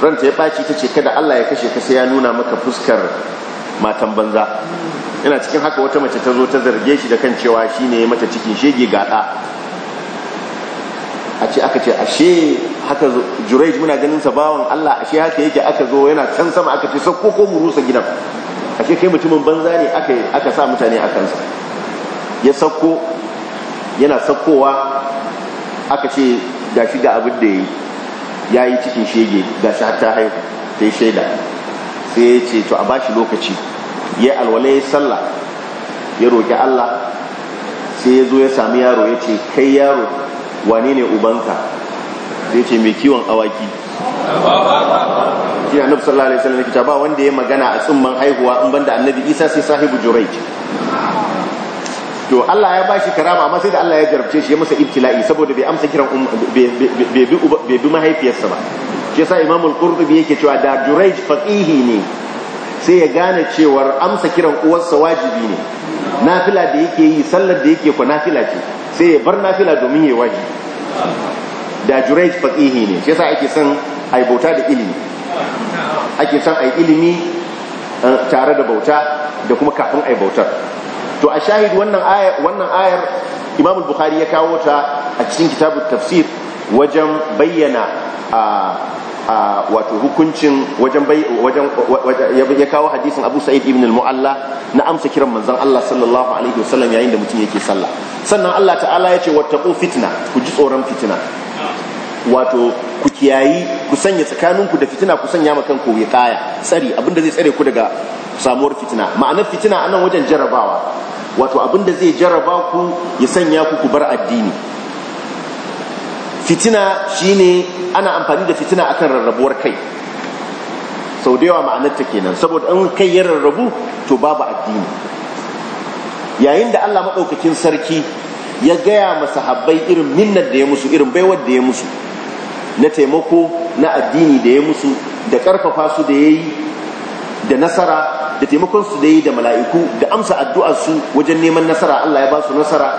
ranta ya ɓaci ta ce kada Allah ya kashe ka sai ya nuna maka fuskar matan banza yana cikin haka wata mace ta zo ta zarge shi da kan cewa shi ne mata cikin shege gaɗa a ce aka ce ashe haka jurej muna ganin sa bawan Allah ashe haka yake aka zo yana can sama aka ce sauko ko mu rusa gidan ashe kai mutumin banza ne aka sa mutane a kansa ya sauko yana sakkowa aka ce ga shi ga abin da ya yi cikin shege ga shi hatta haihu ta yi shaida sai ya ce to a ba shi lokaci ya alwale ya sallah ya roƙi Allah sai ya zo ya sami yaro ya ce kai yaro wane ne ubanka zai ce mai kiwon awaki shi annabi sallallahu alaihi wasallam kita ba wanda ya magana a tsumman haihuwa in banda annabi isa sai sahibu jurai to Allah ya bashi karama amma sai da Allah ya jarabce shi ya masa ibtila'i saboda bai amsa kiran um, bai bi mahaifiyarsa ba shi yasa Imam al-Qurtubi yake cewa da Jurayj faqihi ne sai ya gane cewa amsa kiran uwarsa wajibi ne nafila da yake yi sallar da yake ko nafila ce sai ya bar nafila domin ya wajibi da Jurayj faqihi ne shi yasa ake son ai bauta da ilimi ake son ai ilimi eh, tare da bauta da kuma kafin ai bautar to a shahid wannan ayar wannan ayar Bukhari ya kawo ta a cikin kitabut tafsir wajen bayyana a wato hukuncin wajen wajen ya kawo hadisin Abu Sa'id ibn al-Mu'alla na amsa kiran manzon Allah sallallahu alaihi wasallam yayin da mutum yake sallah sannan Allah ta'ala ya ce wattaqu fitna ku ji tsoron fitina wato ku kiyayi ku sanya tsakaninku da fitina ku sanya ma kanku ya kaya tsari abinda zai tsare ku daga samuwar fitina ma'anar fitina anan wajen jarabawa wato abinda zai jaraba ku ya sanya ku ku bar addini fitina shine ana amfani da fitina akan rarrabuwar kai sau da yawa ma'anarta kenan saboda in kai ya rarrabu to babu addini yayin da Allah maɗaukakin sarki ya gaya masa habbai irin minnar da ya musu irin baiwar da ya musu na taimako na addini da ya musu da ƙarfafa su da ya yi da nasara da taimakon su da yi da mala'iku da amsa addu'ar su wajen neman nasara Allah ya ba su nasara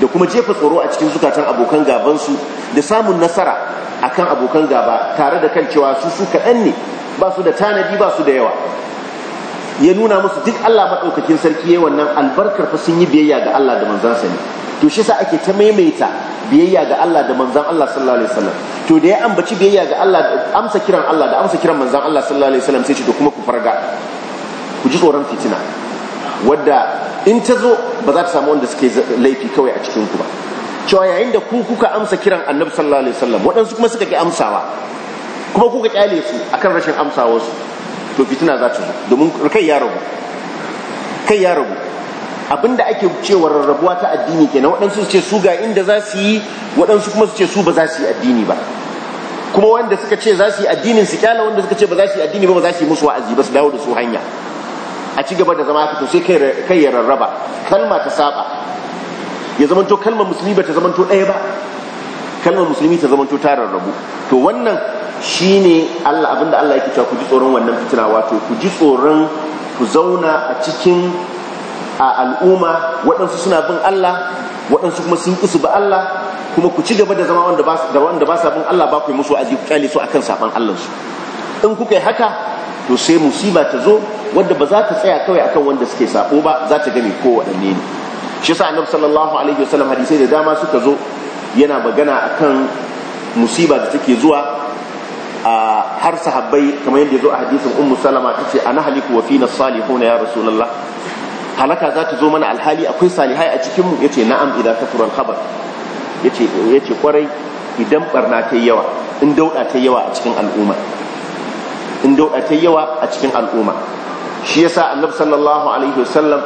da kuma jefa tsoro a cikin zukatan abokan gaban su da samun nasara akan abokan gaba tare da kan cewa su su kaɗan ne ba su da tanadi ba su da yawa ya nuna musu duk Allah maɗaukakin sarki ya wannan albarkar fa sun yi biyayya ga Allah da sa ne to shi sa ake ta maimaita biyayya ga Allah da manzan Allah sallallahu alaihi wasallam to da ya ambaci biyayya ga Allah amsa kiran Allah da amsa kiran manzan Allah sallallahu alaihi wasallam sai shi da kuma ku farga ku ji tsoron fitina wadda in ta zo ba za ta samu wanda suke laifi kawai a cikin ku ba cewa yayin da ku kuka amsa kiran annabi sallallahu alaihi wasallam waɗansu kuma suka ki amsawa kuma kuka kyale su akan rashin amsawa su to fitina za ta zo domin kai ya rabu kai ya rabu abinda ake cewa rarrabuwa ta addini kenan waɗansu su ce su ga inda za su yi waɗansu kuma su ce su ba za su yi addini ba kuma wanda suka ce za su yi addinin su kyala wanda suka ce ba za su yi addini ba ba za su yi musu wa'azi ba su dawo da su hanya a ci gaba da zama haka to sai kai ya rarraba kalma ta saba ya zamanto kalmar musulmi ba ta zamanto ɗaya ba kalmar musulmi ta zamanto ta rarrabu to wannan shine ne abinda Allah yake cewa ku ji tsoron wannan fitina wato ku ji tsoron ku zauna a cikin a al'umma waɗansu suna bin Allah waɗansu kuma sun ƙi su ba Allah kuma ku ci gaba da zama wanda ba wanda ba sa bin Allah ba ku yi musu aji ku kyale su akan saban Allah su in kuka yi haka to sai musiba ta zo wanda ba za ta tsaya kawai akan wanda suke sako ba za ta gani ko waɗanne ne shi sa annabi sallallahu alaihi wasallam hadisai da dama suka zo yana magana akan musiba da take zuwa a har sahabbai kamar yadda zo a hadisin ummu salama tace ana haliku wa fina salihuna ya rasulullah halaka za ta zo mana alhali akwai salihai a cikin mu yace na'am idan ka al-khabar yace yace kwarai idan barna ta yawa in dauda ta yawa a cikin al'umma in dauda ta yawa a cikin al'umma shi yasa annabi sallallahu alaihi wasallam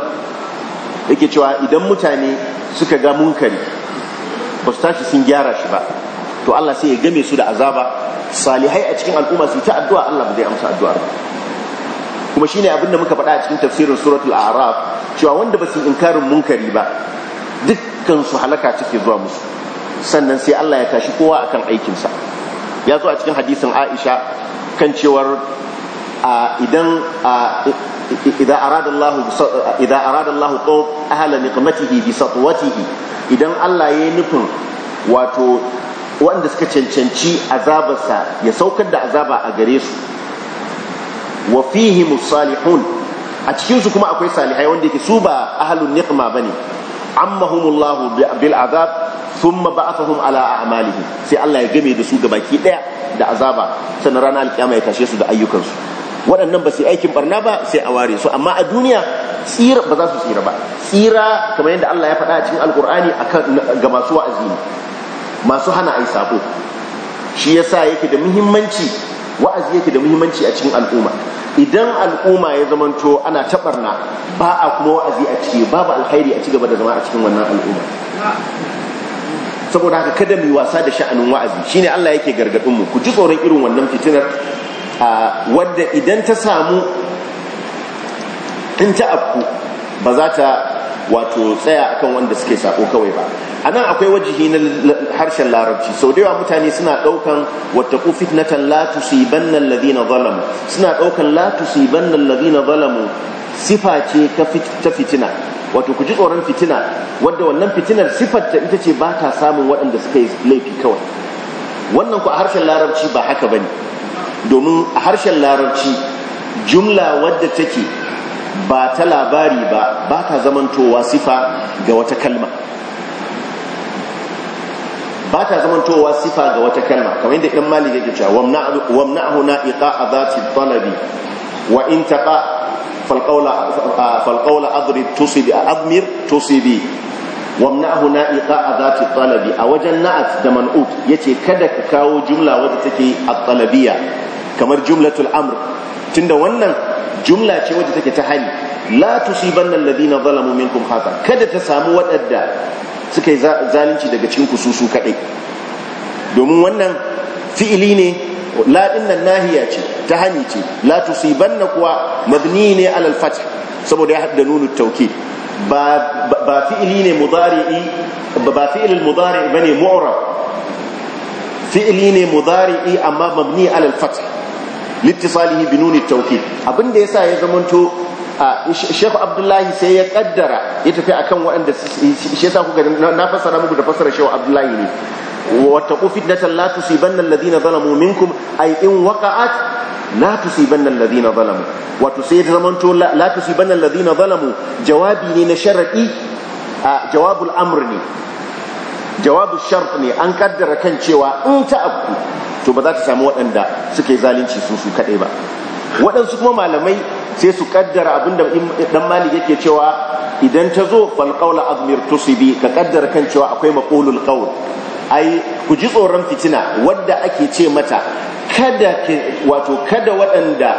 yake cewa idan mutane suka ga munkari ba su tashi sun gyara shi ba to Allah sai ya game su da azaba salihai a cikin al'umma su ta addu'a Allah ba zai amsa addu'ar ba kuma shine abin da muka faɗa a cikin tafsirin suratul a'raf cewa wanda ba su inkarin munkari ba dukkan su halaka take zuwa musu sannan sai Allah ya tashi kowa akan aikin sa ya zo a cikin hadisin Aisha kan cewar idan إذا أراد الله إذا أراد الله طوب أهل نقمته بسطوته إذا wanda suka cancanci azabarsa ya saukar da azaba a gare su wa fihi musalihun a cikinsu kuma akwai salihai wanda yake su ba ba niqma bane humullahu bil azab thumma ba'athahum ala a'malihim sai Allah ya game da su gabaki daya da azaba sannan ranar alkiyama ya tashe su da ayyukansu waɗannan ba su yi aikin barna ba sai a ware su amma a duniya tsira ba za su tsira ba tsira kamar yadda Allah ya faɗa a cikin alkur'ani ga masu wa'azi ne masu hana yi sabo shi yasa yake da muhimmanci wa'azi yake da muhimmanci a cikin al'umma idan al'umma ya zamanto ana taɓarna ba a kuma wa'azi a ciki babu alkhairi a ci gaba da zama a cikin wannan al'umma saboda haka kada mu yi wasa da sha'anin wa'azi shine Allah yake gargadin mu ku ji tsoron irin wannan fitinar wadda idan ta samu in ta abu ba za ta wato tsaya akan wanda suke sako kawai ba a nan akwai wajihi na harshen larabci sau da yawa mutane suna ɗaukan wattaku fitnatan la bannan alladhina zalamu suna ɗaukan la bannan alladhina zalamu sifa ce ta fitina wato ku ji tsoron fitina wadda wannan fitinar sifar ta ita ce ba ta samun waɗanda suka yi laifi kawai wannan ku a harshen larabci ba haka ba ne. domin a harshen larabci jumla wadda take ba ta labari ba ba ta zamantowa sifa ga wata kalma ba ta zamantowa sifa ga wata kalma kamar yadda ɗan malik yake cewa wamna'ahu na iqa'a zati talabi wa in taqa falqawla falqawla adri a abmir tusibi wamna'ahu na'iqa a zati talabi a wajen na'at da man'ut yace kada ka kawo jumla wadda take at-talabiyya kamar jumlatul amr tunda wannan jumla ce wadda take ta hali la tusibanna alladhina zalamu minkum khata kada ta samu wadanda suka yi zalunci daga cikin ku kaɗai. kadai domin wannan fi'ili ne la dinnan nahiya ce ta hani ce la tusibanna kuwa mabni ne alal fath saboda ya hadda nunu tawkid ba fi'ili ne mudari'i ba fi'ilul mudari'i bane mu'rab fi'ili ne mudari'i amma mabni alal fath littisalihi bi nuni tawkid abinda yasa ya zamanto Sheikh Abdullahi sai ya kaddara ya tafi akan waɗanda shi yasa kuka na fassara muku da fassara Sheikh Abdullahi ne wa taqu fitnatan la tusibanna alladhina zalamu minkum ay in waqa'at la tusibanna alladhina zalamu wato sai ta zamanto la tusibanna alladhina zalamu jawabi ne na sharadi a jawabul amr ne jawabu shart ne an kaddara kan cewa in ta abu to ba za ta samu waɗanda suke zalunci su su kaɗai ba waɗansu kuma malamai sai su kaddara abinda dan malik yake cewa idan ta zo fal qawla azmir tusibi ka kaddara kan cewa akwai maqulul qawl ai ku ji tsoron fitina wadda ake ce mata kada wato kada waɗanda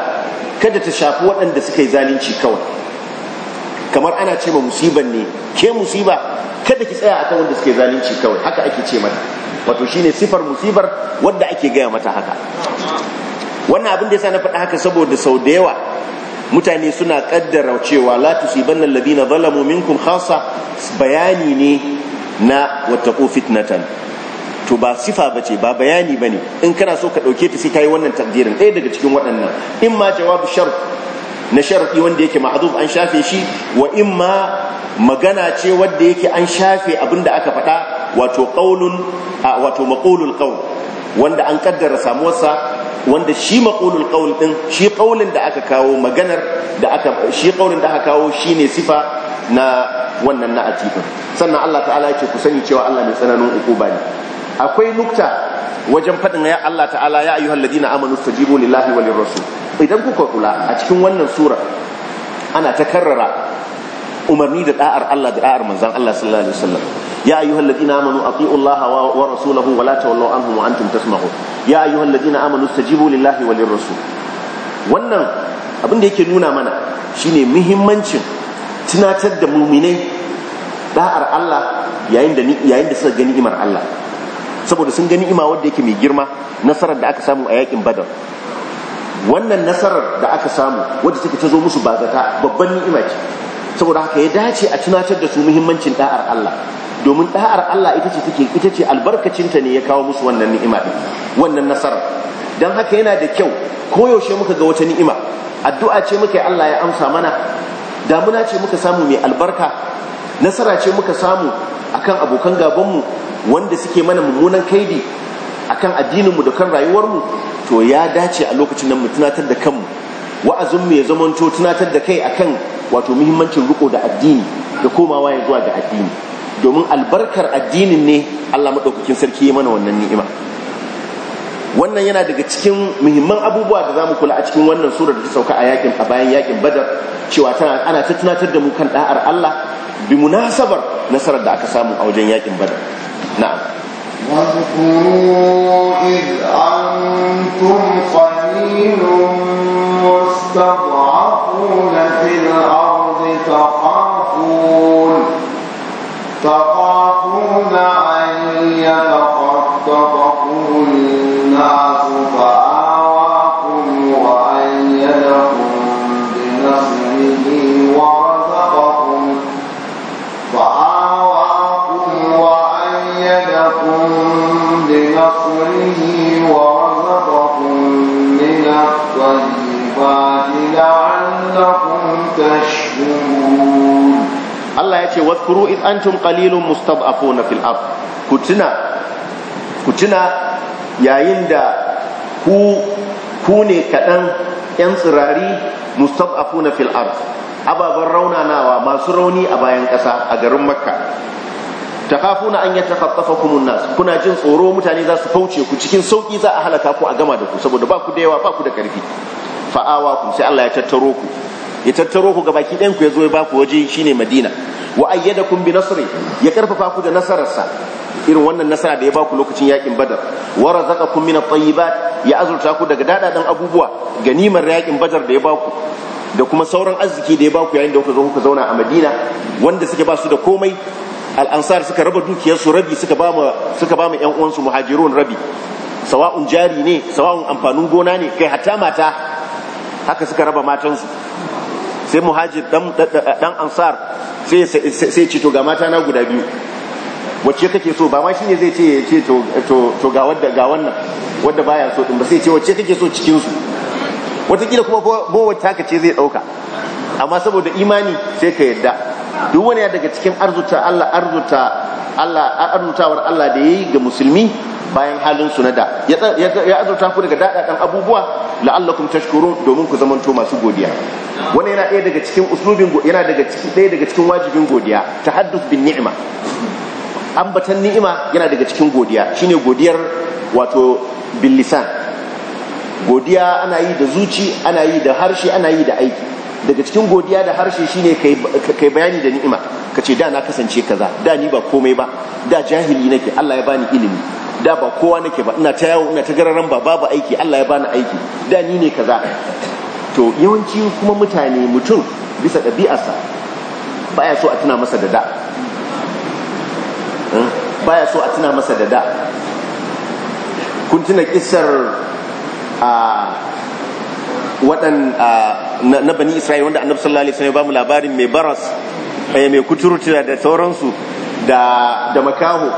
kada ta shafi waɗanda suka yi zalunci kawai kamar ana ce ma musiban ne ke musiba kada ki tsaya akan wanda suka yi zalunci kawai haka ake ce mata wato shine sifar musibar wanda ake gaya mata haka wannan abin da yasa na faɗa haka saboda sau da yawa mutane suna kaddara cewa la tusibanna alladhina zalamu minkum khassa bayani ne na wattaqu fitnatan to ba sifa ba ce ba bayani ba ne in kana so ka ɗauke ta sai ka yi wannan takdirin ɗaya daga cikin waɗannan in ma jawabu sharf na sharfi wanda yake ma'azuf an shafe shi wa in ma magana ce wanda yake an shafe abin da aka faɗa wato ƙaulun wato maƙulul ƙaun wanda an ƙaddara samuwarsa wanda shi maƙulul ƙaun ɗin shi ƙaunin da aka kawo maganar da aka shi ƙaulin da aka kawo shi ne sifa na wannan na sannan Allah ta'ala yake ku sani cewa Allah mai tsananin uku ba ne akwai nukta wajen faɗin ya Allah ta'ala ya ayyuhal ladina amanu stajibu lillahi walir rasul idan kuka kula a cikin wannan sura ana ta karrara umarni da da'ar Allah da da'ar manzon Allah sallallahu alaihi wasallam ya ayyuhal ladina amanu atiiu Allah wa rasulahu wa la tawallu anhum wa antum tasma'u ya ayyuhal ladina amanu stajibu lillahi walir rasul wannan abin da yake nuna mana shine muhimmancin tunatar da muminai da'ar Allah yayin da yayin da suka gani imar Allah saboda sun gani ima wadda yake mai girma nasarar da aka samu a yakin badar wannan nasarar da aka samu wadda take ta zo musu ba zata babban ni'ima ce saboda haka ya dace a tunatar da su muhimmancin da'ar Allah domin da'ar Allah ita ce take ita ce albarkacinta ne ya kawo musu wannan ni'ima din wannan nasarar dan haka yana da kyau koyaushe muka ga wata ni'ima addu'a ce muka yi Allah ya amsa mana damuna ce muka samu mai albarka nasara ce muka samu akan abokan gabanmu wanda suke mana mummunan kaidi akan addininmu da kan rayuwarmu to ya dace a lokacin nan mu tunatar da kanmu mu ya zamanto tunatar da kai akan wato muhimmancin riko da addini da komawa ya zuwa ga addini domin albarkar addinin ne Allah madaukakin sarki ya mana wannan ni'ima wannan yana daga cikin muhimman abubuwa da za mu kula a cikin wannan surar da ta sauka a yakin a bayan yakin badar cewa tana ana ta tunatar da mu kan da'ar Allah bi munasabar nasarar da aka samu a wajen yakin badar na'am واذكروا Allah ya ce wadkuru id antum qalilun mustad'afuna fil ard ku tuna ku tuna yayin da ku ne kaɗan 'yan tsirari mustafafuna fil ard ababen raunanawa masu rauni a bayan ƙasa a garin makka ta na an ta kafafa kumun nasu kuna jin tsoro mutane za su fauce ku cikin sauƙi za a halaka ku a gama da ku saboda ba ku da yawa ba ku da ƙarfi fa'awa ku sai Allah ya tattaro ku ya tattaro ku ga baki ɗayan ku ya zo ya ku waje shine madina wa ayyadakum bi nasri ya karfafa ku da nasararsa irin wannan nasara da ya baku lokacin yakin badar wa razaqakum min at-tayyibat ya azurta ku daga dadadan abubuwa ganimar yakin badar da ya baku da kuma sauran arziki da ya baku yayin da kuka zo kuka zauna a madina wanda suke ba su da komai al-ansar suka raba dukiyarsu rabi suka ba mu suka ba mu ƴan uwansu muhajirun rabi sawa'un jari ne sawa'un amfanin gona ne kai hatta mata haka suka raba matansu sai muhajir dan ansar sai ce to ga mata na guda biyu wacce kake so ba ma ne zai ce to ga wannan wadda baya so din ba sai ce wacce kake so cikinsu. watakila kuma bowar taka ce zai ɗauka amma saboda imani sai ka yadda duk wani daga cikin arzuta Allah arzuta Allah arzutawar Allah da yayi ga musulmi bayan halin su na da ya azurta ku daga daɗaɗan abubuwa la'allakum tashkuro, domin ku zamanto masu godiya wani yana ɗaya daga cikin uslubin yana daga cikin ɗaya daga cikin wajibin godiya tahaddus bin ni'ima ambatan ni'ima yana daga cikin godiya shine godiyar wato bil lisan godiya ana yi da zuci ana yi da harshe ana yi da aiki daga cikin godiya da harshe shine kai bayani da ni'ima kace da na kasance kaza da ni ba komai ba da jahili nake Allah ya bani ilimi da ba kowa nake ba ina ta yawo ina ta gararan ba babu aiki Allah ya bani aiki da ni ne kaza to yawanci kuma mutane mutum bisa ɗabi'arsa baya so a tuna masa da da hmm? baya so a tuna masa da da kun tuna kissar a waɗan na bani isra'ila wanda annabi sallallahu alaihi wasallam ya bamu labarin mai baras eh, mai kuturutira da sauransu da makaho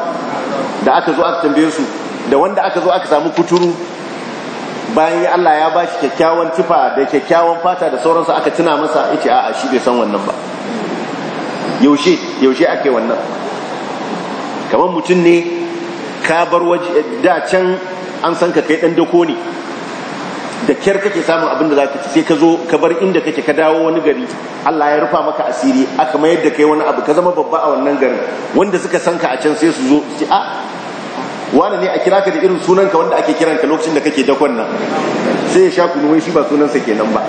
da aka zo aka tambaye su da wanda aka zo aka samu kuturu bayan Allah ya ba shi kyakkyawan tufa da kyakkyawan fata da sauransu aka tuna masa yace a shi bai san wannan ba yaushe yaushe ake wannan kamar mutum ne ka bar waje da can an san ka kai dan dako ne da kyar kake samun abin da za ka ci sai ka zo ka bar inda kake ka dawo wani gari Allah ya rufa maka asiri aka mayar da kai wani abu ka zama babba a wannan garin wanda suka san ka a can sai su zo su a ah, wani ne a kira ka da irin sunanka wanda ake kiran ka lokacin da kake dakon nan sai ya sha kunu shi ba sunansa kenan ba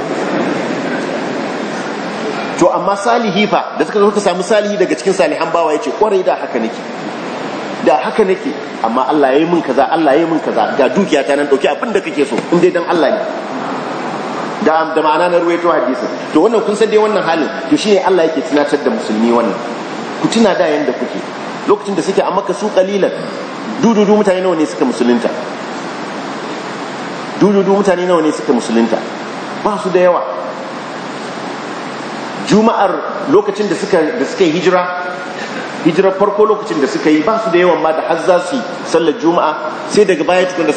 to amma salihi fa da suka zo ka samu salihi daga cikin salihan bawa yace kwarai da haka nake da haka nake amma Allah ya yi min kaza Allah ya yi min kaza ga dukiya ta nan dauki abin da kake so in dai dan Allah ne da da ma'ana na ruwaito hadisi to wannan kun san dai wannan halin to shine Allah yake tunatar da musulmi wannan ku tuna da yanda kuke lokacin da suke a maka su kalilan dududu mutane nawa ne suka musulunta dududu mutane nawa ne suka musulunta ba su da yawa juma'ar lokacin da suka da suka hijira hijirar farko lokacin da suka yi ba su da yawan ma da har za su sallar juma'a sai daga baya tukun da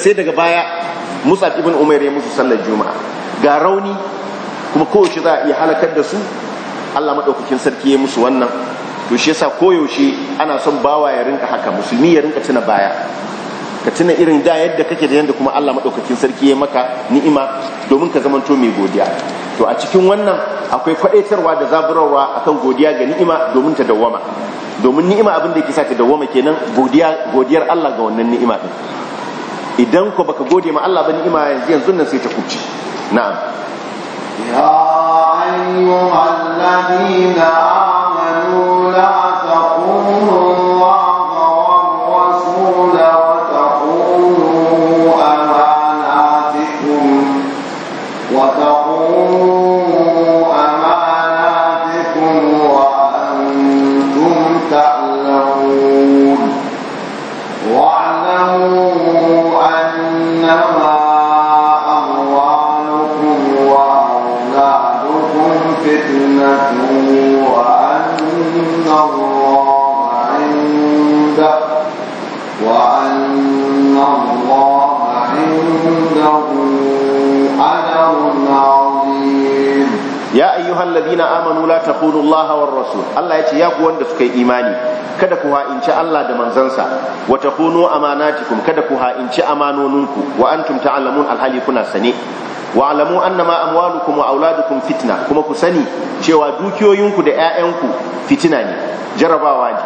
sai daga baya musa ibn umar ya musu sallar juma'a ga rauni kuma kowace za a iya halakar da su Allah maɗaukakin sarki ya musu wannan to shi yasa koyaushe ana son bawa ya rinka haka musulmi ya rinka tuna baya ka tuna irin da yadda kake da yadda kuma Allah maɗaukakin sarki ya maka ni'ima domin ka zamanto mai godiya to a cikin wannan akwai kwaɗaitarwa da zaburarwa akan godiya ga ni'ima domin ta dawwama domin ni'ima abin da yake sa ta dawwama kenan godiya godiyar Allah ga wannan ni'ima din idan ko baka gode ma Allah ba ni'ima yanzu yanzu nan sai ta kuce na'am ya ayyuhallazina amanu la taqulu Allah war rasul Allah yace ya ku wanda suka yi imani kada ku ha'inci Allah da manzansa wa takunu amanatikum kada ku ha'inci amanoninku wa antum ta'lamun alhali kuna sane wa alamu annama amwalukum wa auladukum fitna kuma ku sani cewa dukiyoyinku da ƴaƴanku fitina ne jarabawa ne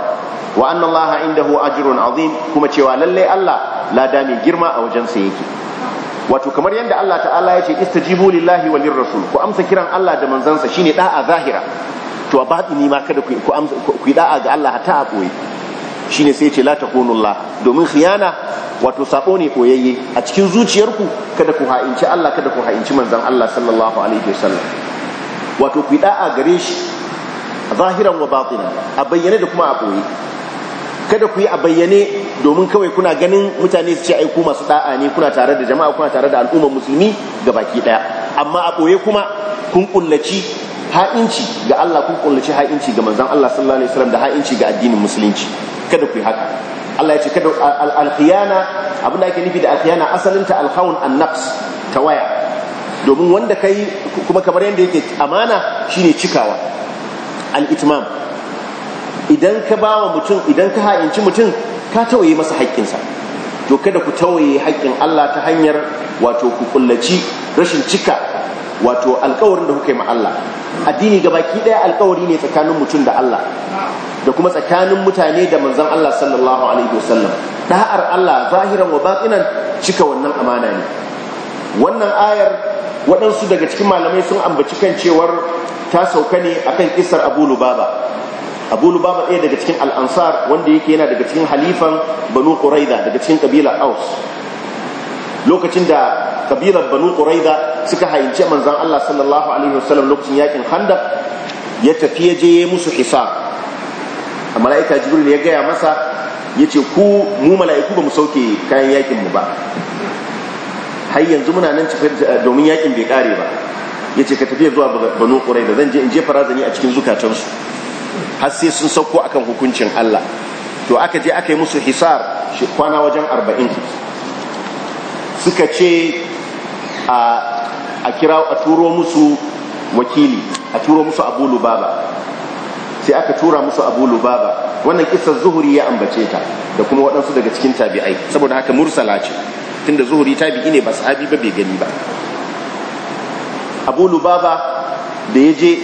wa anna allaha indahu ajrun azim kuma cewa lalle Allah lada mai girma a wajensa yake wato kamar yadda Allah ta'ala ya ce istajibu lillahi walir rasul ku amsa kiran Allah da manzansa shine da'a zahira to a batini ma kada ku amsa ku yi da'a ga Allah ta a koyi shine sai ce la takunullah domin khiyana wato sako ne koyayye a cikin zuciyarku kada ku ha'inci Allah kada ku ha'inci manzon Allah sallallahu alaihi wasallam wato ku yi da'a gare shi zahiran wa batinan a bayyane da kuma a koyi kada ku yi a bayyane domin kawai kuna ganin mutane su ce aiku masu da'a ne kuna tare da jama'a kuna tare da al'ummar musulmi ga baki daya amma a boye kuma kun kullaci ha'inci ga Allah kun kullaci ha'inci ga manzon Allah sallallahu alaihi wasallam da ha'inci ga addinin musulunci kada ku yi haka Allah ya ce kada al-khiyana abin da ake nufi da al-khiyana ta al-khawn an-nafs ta waya. domin wanda kai kuma kamar yadda yake amana shine cikawa al-itmam idan ka ba wa mutum idan ka ha'inci mutum ka tawaye masa haƙƙinsa to kada ku tawaye haƙƙin Allah ta hanyar wato ku kullaci rashin cika wato alƙawarin da kuka yi ma Allah addini gabaki ɗaya alƙawari ne tsakanin mutum da Allah da kuma tsakanin mutane da manzon Allah sallallahu alaihi wasallam da'ar Allah zahiran wa batinan cika wannan amana ne wannan ayar waɗansu daga cikin malamai sun ambaci kan cewar ta sauka ne akan kisar Abu Lubaba Abulu lubaba ɗaya daga cikin al'ansar wanda yake yana daga cikin halifan banu ƙuraida daga cikin ƙabilar aus lokacin da ƙabilar banu ƙuraida suka hayince manzan allah sallallahu alaihi wasallam lokacin yakin handa ya tafi ya je musu isa a mala'ika jibril ya gaya masa ya ce ku mu mala'iku ba mu sauke kayan yakin mu ba har yanzu muna nan domin yakin bai kare ba ya ce ka tafiya zuwa banu ƙurai zan je in je farazani a cikin zukatansu har sai sun sauko akan hukuncin Allah to aka je aka yi musu hisar kwana wajen arba'in suka ce a kira a turo musu wakili a turo musu abu lubaba sai aka tura musu abu lubaba wannan kisar zuhuri ya ambace ta da kuma waɗansu daga cikin tabi'ai saboda haka mursala ce tunda zuhuri tabi'i ne ba sahabi ba bai gani ba abu lubaba da ya je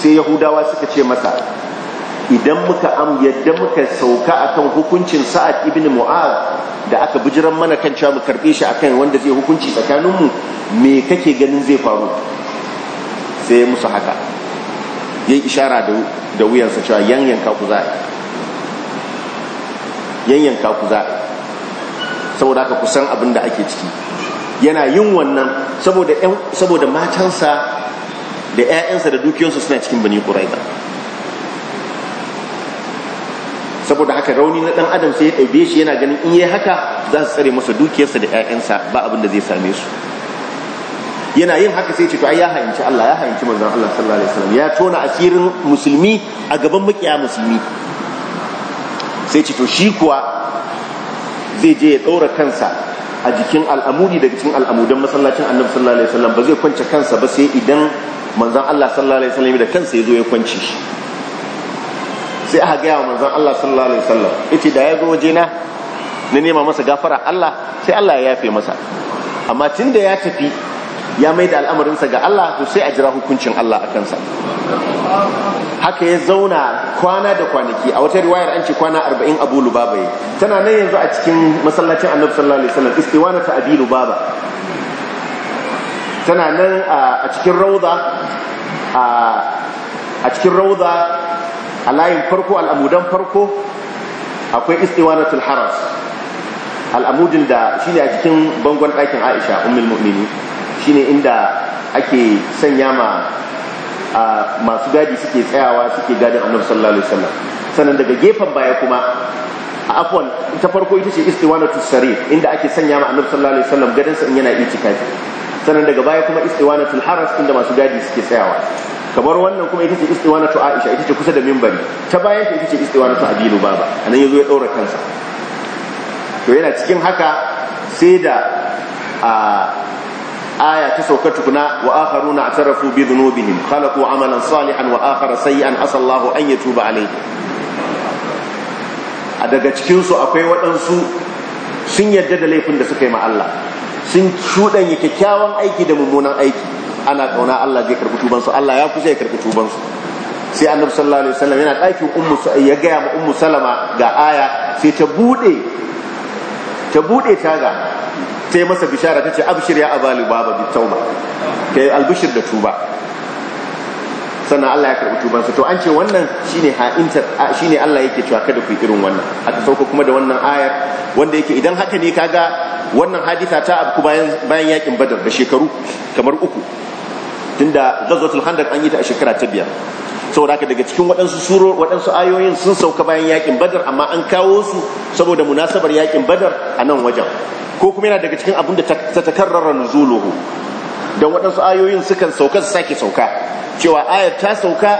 sai yahudawa suka ce masa idan muka am yadda muka sauka akan hukuncin sa'ad ibn mu'az da aka bijiran mana kan cewa mu karbe shi akan wanda zai hukunci mu me kake ganin zai faru sai musu haka yayi ishara da da wuyansa cewa yanyanka ku za ku za saboda haka kusan abin da ake ciki yana yin wannan saboda saboda matansa da 'ya'yansa da dukiyarsu suna cikin bani quraiza saboda haka rauni na dan adam sai ya ɗaube shi yana ganin in yi haka za su tsare masa dukiyarsa da 'ya'yansa ba abin da zai same su yana yin haka sai ce to ai ya hayanci Allah ya hayanci manzon Allah sallallahu alaihi wasallam ya tona asirin musulmi a gaban makiya musulmi sai ce shi kuwa zai je ya daura kansa a jikin al'amudi daga cikin al'amudan masallacin annabi sallallahu alaihi wasallam ba zai kwance kansa ba sai idan manzon Allah sallallahu alaihi wasallam da kansa ya zo ya kwance shi sai aka gaya wa manzon Allah sallallahu alaihi wasallam yace da ya zo wajena na nema masa gafara Allah sai Allah ya yafe masa amma tunda ya tafi ya mai da al'amarinsa ga Allah to sai a jira hukuncin Allah a kansa haka ya zauna kwana da kwanaki a wata riwayar an ce kwana arba'in abu lubaba tana nan yanzu a cikin masallacin annabi sallallahu alaihi wasallam istiwana ta abi lubaba tana nan a cikin rauda a cikin rauda a layin farko al'amudan farko akwai istiwanatul haras al'amudin da shi ne a cikin bangon ɗakin aisha ummul mu'mini ne inda ake sanya ma masu gadi suke tsayawa suke gadin annabi sallallahu alaihi wasallam sannan daga gefen baya kuma a afwan ta farko ita ce istiwanatul sarir inda ake sanya ma annabi sallallahu alaihi wasallam gadin sa in yana itikafi sannan daga baya kuma istiwanatul haras inda masu gadi suke tsayawa kamar wannan kuma ita ce tu Aisha ita ce kusa da minbari ta bayan ta ita ce tu Abi Baba anan yazo ya daura kansa to yana cikin haka sai da aya ta sauka tukuna wa akharuna atarafu bi dhunubihim khalaqu amalan salihan wa akhara sayyan asallahu an yatuba alayhi a daga cikin su akwai waɗansu sun yarda da laifin da suka yi ma Allah sun shuɗanya kyakkyawan aiki da mummunan aiki ana kauna Allah zai karbi tuban su Allah ya kusa ya karbi tuban sai annabi sallallahu alaihi wasallam yana daki ummu ya gaya ma ummu salama ga aya sai ta bude ta bude ta ta yi masa bishara ta ce abshir ya abali baba bi tauba ta albishir da tuba sannan Allah ya karɓi tubansu. to an ce wannan shine ha'intar shine Allah yake cewa kada ku irin wannan aka sauko kuma da wannan ayar wanda yake idan haka ne kaga wannan haditha ta abu bayan bayan yakin badar da shekaru kamar uku tunda ghazwatul khandaq an yi ta a shekara ta biyar saboda haka daga cikin waɗansu suro waɗansu ayoyin sun sauka bayan yakin badar amma an kawo su saboda munasabar yakin badar a nan wajen ko kuma yana daga cikin abin da ta takarrara nuzuluhu don waɗansu ayoyin sukan sauka su sake sauka cewa ayar ta sauka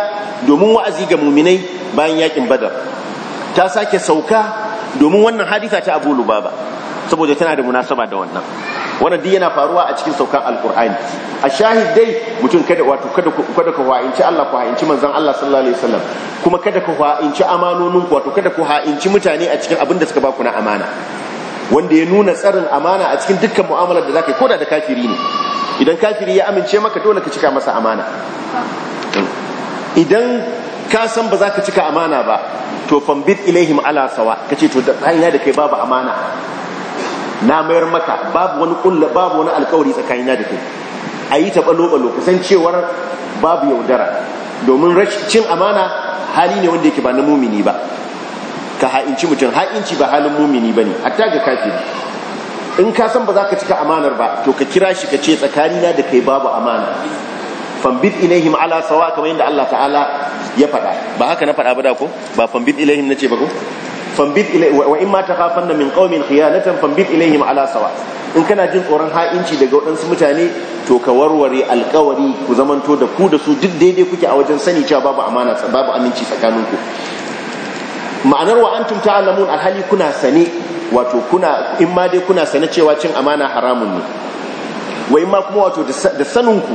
domin wa'azi ga muminai bayan yakin badar ta sake sauka domin wannan haditha ta abu lubaba saboda tana da munasaba da wannan wannan duk yana faruwa a cikin saukan alkur'ani a shahid dai mutum kada wato kada kada ka ha'inci Allah ku ha'inci manzon Allah sallallahu alaihi wasallam kuma kada ka ha'inci amanonin ku wato kada ku ha'inci mutane a cikin abin da suka ku na amana wanda ya nuna tsarin amana a cikin dukkan mu'amalar da zaka yi koda da kafiri ne idan kafiri ya amince maka dole ka cika masa amana idan ka san ba za ka cika amana ba to fambit ilaihim ala sawa kace to da da kai babu amana na mayar maka babu wani kulla babu wani alkawari tsakanina da kai a yi ta balo-balo kusancewar babu yaudara domin cin amana hali ne wanda yake ba na mumini ba ka ha'inci mutum ha'inci ba halin mumini ba ne hatta ga kafiri in ka san ba za ka cika amanar ba to ka kira shi ka ce tsakanina da kai babu amana fambit ilahim ala sawa kamar yadda Allah ta'ala ya faɗa ba haka na faɗa ba da ko ba fambit ilahim na ce ba ko fambit ilai wa in ma takhafanna min qaumin khiyanatan fambit ilaihim ala sawa in kana jin tsoron ha'inci daga waɗansu mutane to ka warware alkawari ku zamanto da ku da su duk daidai kuke a wajen sani cewa babu amana babu aminci tsakaninku ma'anar wa antum ta'lamun alhali kuna sane wato kuna in ma dai kuna sane cewa cin amana haramun ne wa in ma kuma wato da saninku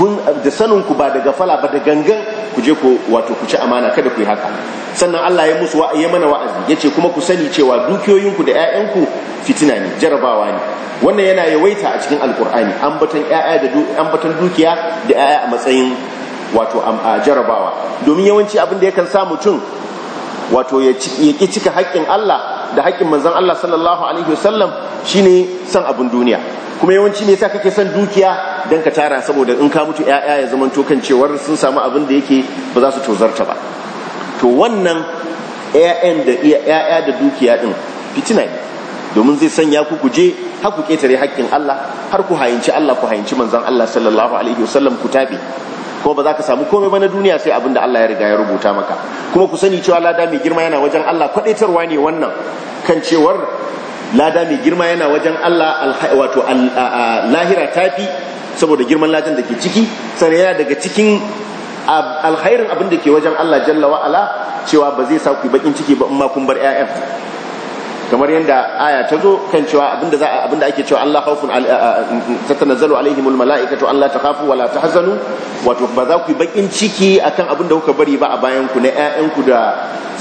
kun da ku ba daga fala ba da gangan ku je ku wato ku ci amana kada ku yi haka sannan Allah ya musu ya mana wa'azi ya ce kuma ku sani cewa dukiyoyinku da 'ya'yanku fitina ne jarabawa ne wannan yana yawaita a cikin alkur'ani ambaton ƴaƴa da ambaton dukiya da 'ya'ya a matsayin wato a jarabawa domin yawanci abin da yakan sa mutum wato ya ki cika haƙƙin Allah da haƙƙin manzon Allah sallallahu alaihi wasallam shine san abin duniya kuma yawanci ne yasa kake son dukiya dan ka tara saboda in ka mutu ƴaƴa ya zamanto kan sun samu abin da yake ba za su tozarta ba to wannan ƴaƴan da ƴaƴa da dukiya din fitina ne domin zai sanya ku kuje har ku ketare haƙƙin Allah har ku hayinci Allah ku hayinci manzon Allah sallallahu alaihi wasallam ku tabi kuma ba za ka samu komai ba na duniya sai abin da Allah ya riga ya rubuta maka kuma ku sani cewa lada mai girma yana wajen Allah kwadaitarwa ne wannan kan cewar lada mai girma yana wajen Allah wato lahira tafi saboda girman ladan da ke ciki sanaya daga cikin alkhairin abin da ke wajen Allah jalla wa'ala cewa ba zai sa ku bakin ciki ba in ma kun bar ƴaƴan kamar yadda aya ta zo kan cewa abinda za abinda ake cewa Allah khawfun tatanazzalu alaihimul malaikatu Allah la takhafu wala tahzanu wato ba za ku bakin ciki akan abinda kuka bari ba a bayan ku na ƴaƴan ku da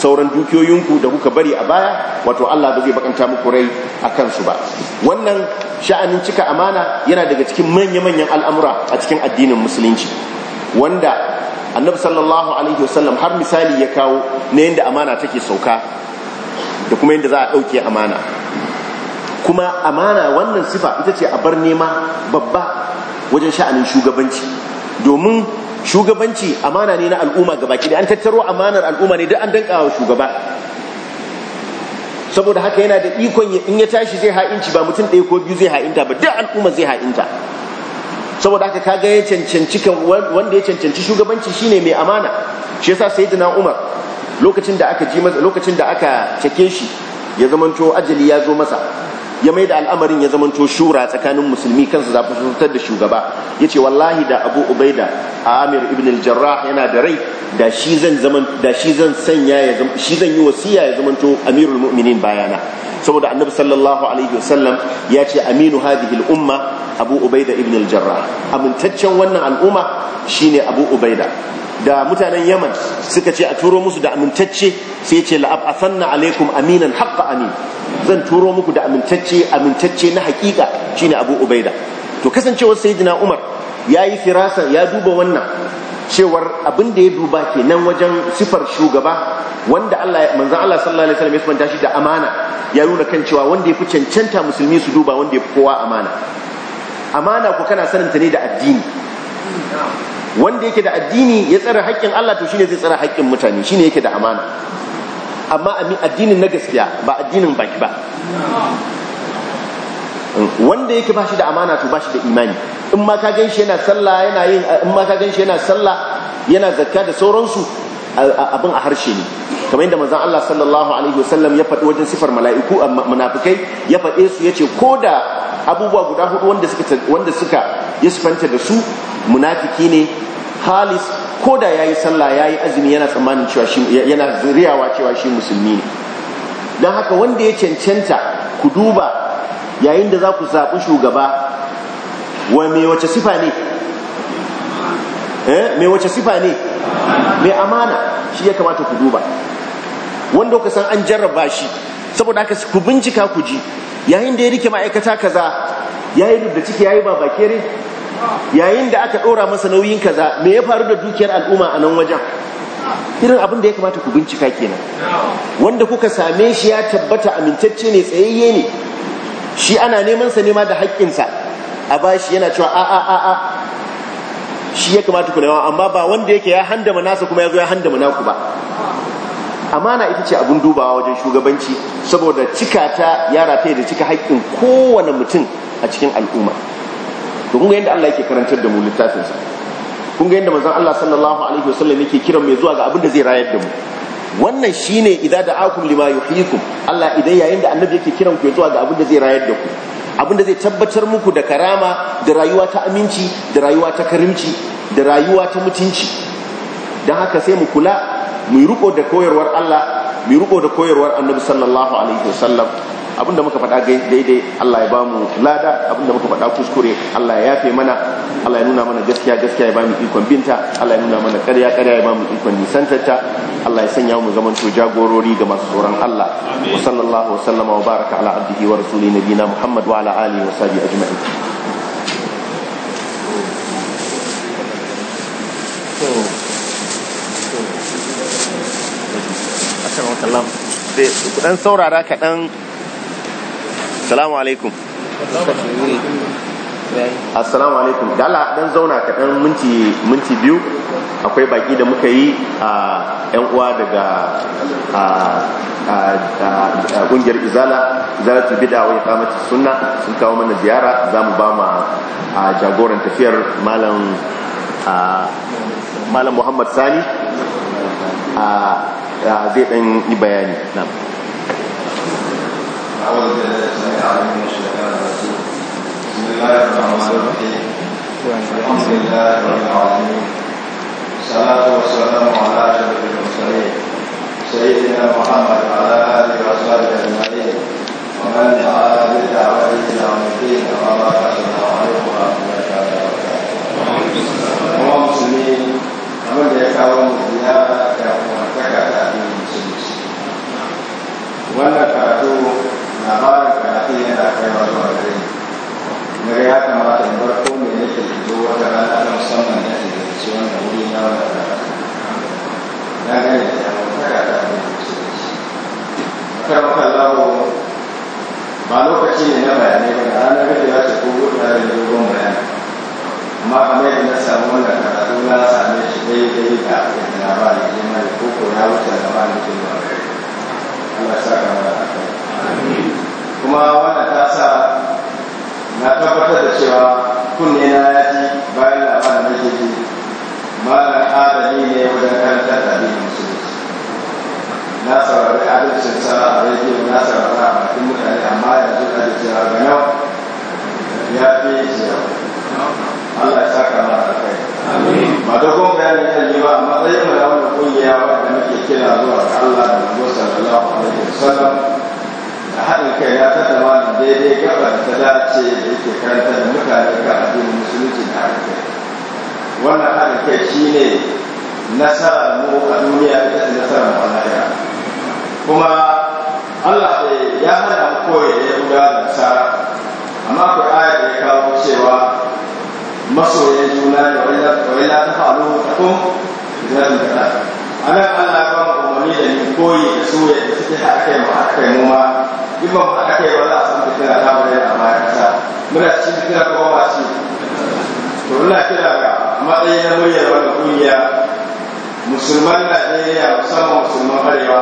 sauran dukiyoyin ku da kuka bari a baya wato Allah ba zai bakanta muku rai akan su ba wannan sha'anin cika amana yana daga cikin manya-manyan al'amura a cikin addinin musulunci wanda annabi sallallahu alaihi wasallam har misali ya kawo na yadda amana take sauka da kuma yadda za a ɗauke amana kuma amana wannan sifa ita ce a bar nema babba wajen sha'anin shugabanci domin shugabanci amana ne na al'umma baki da an tattaro amanar al'umma ne duk an danka wa shugaba saboda haka yana da ikon in ya tashi zai ha'inci ba mutum ɗaya ko biyu zai ha'inta ba duk al'umma zai ha'inta saboda haka kaga ya cancanci wanda ya cancanci shugabanci shine mai amana shi yasa sayyidina Umar lokacin da aka ji lokacin da aka cake shi ya zamanto ajali ya zo masa ya mai da al'amarin ya zamanto shura tsakanin musulmi kansa zafi fitar da shugaba ya ce wallahi da abu ubaida a amir ibn al-jarrah yana da rai da shi zan sanya ya shi zan yi wasiya ya zamanto amirul mu'minin bayana saboda annabi sallallahu alaihi wasallam ya ce aminu hadhihi al-umma abu ubaida ibn al-jarrah amintaccen wannan al'umma shine abu ubaida da mutanen yaman suka ce a turo musu da amintacce sai ce la'ab a la'abathanna alaikum aminan a amin zan turo muku da amintacce amintacce na hakika shine abu ubaida to kasancewar sayyidina umar ya yi firasa ya duba wannan cewar abin da ya duba ke nan wajen sifar shugaba wanda Allah manzan Allah sallallahu alaihi wasallam ya sifanta shi da amana ya nuna kan cewa wanda ya fi cancanta musulmi su duba wanda ya kowa amana amana ku kana sanin ta ne da addini wanda yake da addini ya tsare haƙƙin Allah to shine zai tsare haƙƙin mutane shine yake da amana amma addinin na gaskiya ba addinin baki ba wanda yake bashi da amana to bashi da imani in ma ka ganshi yana sallah yana yin in ma ka ganshi yana sallah yana zakka da sauransu abin a harshe ne kamar yadda manzon Allah sallallahu alaihi wasallam ya faɗi wajen sifar mala'iku munafikai ya faɗe su yace ko da abubuwa guda hudu wanda suka wanda suka ya sifanta da su munafiki ne halis ko da yayi sallah yayi azumi yana tsammanin cewa shi yana zuriyawa cewa shi musulmi ne dan haka wanda ya cancanta ku duba yayin da za ku zaɓi shugaba wa me wace sifa ne eh me wace sifa ne me amana shi ya kamata ku duba wanda ka san an jarraba shi saboda haka ku bincika ku ji yayin da ya rike ma'aikata kaza yayi da ciki yayi babakere yayin da aka ɗora masa nauyin kaza me ya faru da dukiyar al'umma a nan wajen irin abin da ya kamata ku bincika kenan wanda kuka same shi ya tabbata amintacce ne tsayayye ne shi ana neman sa nema da haƙƙinsa a bashi yana cewa a a a a shi ya kamata ku nema amma ba wanda yake ya handama nasa kuma ya zo ya handama naku ba amana ita ce abin dubawa wajen shugabanci saboda cika ta ya rataye da cika haƙƙin kowane mutum a cikin al'umma to kun ga yadda Allah yake karantar da mu littafin sa kun ga yadda manzon Allah sallallahu alaihi wasallam yake kiran mai zuwa ga abin da zai rayar da mu wannan shine idza da'akum lima yuhyikum Allah idan yayin da annabi yake kiran ku zuwa ga abin da zai rayar da ku abin da zai tabbatar muku da karama da rayuwa ta aminci da rayuwa ta karimci da rayuwa ta mutunci don haka sai mu kula mu riko da koyarwar Allah mu riko da koyarwar annabi sallallahu alaihi wasallam abinda muka faɗa daidai Allah ya ba mu lada abinda muka faɗa kuskure Allah ya yafe mana Allah ya nuna mana gaskiya gaskiya ya ba mu ikon binta Allah ya nuna mana ƙarya ƙarya ya ba mu ikon nisantarta Allah ya sanya mu zaman to jagorori ga masu tsoron Allah wa sallallahu wa sallama wa baraka ala abdihi wa rasuli nabina Muhammad wa ala alihi wa sahbihi ajma'in dan saurara kaɗan assalamu alaikum assalamu alaikum da dan zauna ka dan minti minti biyu akwai baki da muka yi a yan uwa daga a kungiyar izala ta bid'a wa iqamati sunna sun kawo mana ziyara zamu ba ma jagoran tafiyar malam malam Muhammad Sani zai dan yi bayani na'am أعوذ بالله من الشيطان الرجيم بسم الله الرحمن لله رب العالمين الصلاة والسلام على أشرف المرسلين سيدنا محمد وعلى آله وصحبه أجمعين wajen bayanai ba da ranar gaji ya ce ko gudu da dogon bayani amma kamar yadda na samu wannan karatu na same shi da yadda na ba da jima da koko ya wuce da ba da jima Allah sa ka mara a kai kuma wannan ta sa na tabbatar da cewa kunne na ya ji bayan labarin da ke ji adali ne wajen karantar da musulmi na saurari adalcin sa a rediyo na saurari a bakin mutane amma yanzu da da jira ga yau ya fi jira Allah ya ka ma a kai ba da kuma bayanin kan yi ba amma tsayin mu da wani kungiya wanda muke kira zuwa ga Allah da Muhammad sallallahu alaihi wasallam da haɗin kai ya ta zama daidai gaba da ta dace da yake karanta da mutane ga addinin musulunci da haɗin kai wannan haɗin kai shine nasara mu a duniya ita ce nasara mu a kuma Allah ya hana koyi da Yahuda da Nasara amma ku aya da ya kawo cewa masoyan juna da wani wani na ta faru ta kun da da ta ana Allah ba mu umarni da ni koyi da su ya da suke haɗa mu haɗa kai mu ma in ba haɗa kai ba za a san fitina ta bari a bayan ƙasa muna cikin kira ko ba ci to ina kira ga matsayin na muryar wani ƙungiya musulman Najeriya musamman musulman Arewa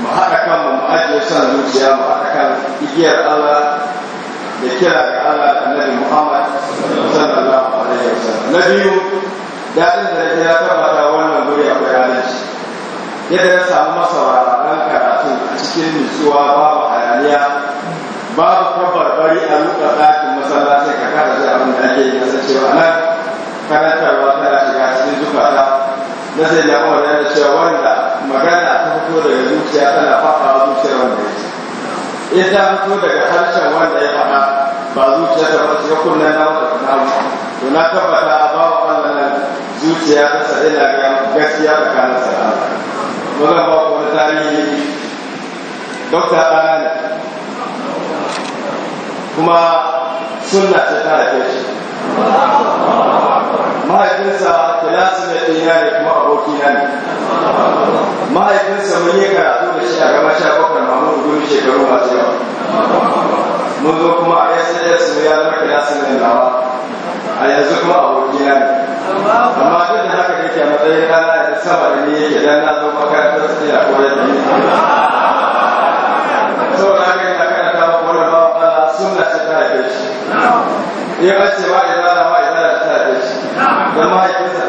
mu haɗa kan mu ajiye son zuciya mu haɗa kan igiyar Allah da kira ga Allah da Annabi Muhammad sallallahu alaihi wasallam na biyu daɗin da ya tabbata wannan guri akwai halinci yadda ya samu wararen karatu a cikin nutsuwa babu hayaniya babu kabbar bari a luka ɗakin masallaci ka kada shi abin da ake yi na cewa nan karantarwa tana shiga cikin zukata na sai da kuma da cewa wanda magana ta fito daga zuciya tana faɗa zuciyar wanda ya ce in ta fito daga harshen wanda ya faɗa ba zuciya ta fata ya kunna na wata ta namu to na tabbata a ba wa wannan zuciya ta sa na ga gaskiya tsakanin sana'a wannan ba ku wani tarihi dokta ɗana ne kuma sunna ta ta haife shi mahaifinsa nasu da na da kuma abokina ne mahaifinsa mun yi karatu da shi a gaba sha bakwai mamu gudun shekaru masu yawa mun zo kuma a sas mu ya zama kira su nawa a yanzu kuma abokina ne amma duk da haka yake a matsayin rana da sama da ni yake dan na zo makarantar su ya koyar da ni saboda haka ina karanta maka wannan bawa bala sunna ce ta haife shi ya ba ina ta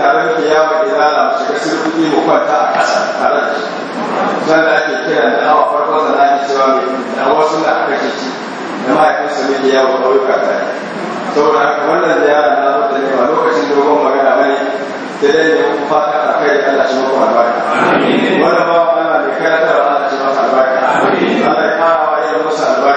taron kiyama ala mu shiga sirkuti mu kwanta a ƙasa tare da shi zan da ake kira da awa farkon da ake cewa mai da wasu da aka ci da mahaifinsa ne ke yawo ta yi saboda haka wannan da ziyara na zo da yawa lokacin dogon magana bane da dai ne kuma fata a kai da Allah shi mako albarka wannan ba wa Allah ne kai na tara Allah shi mako albarka Allah ya fara wa yin masa albarka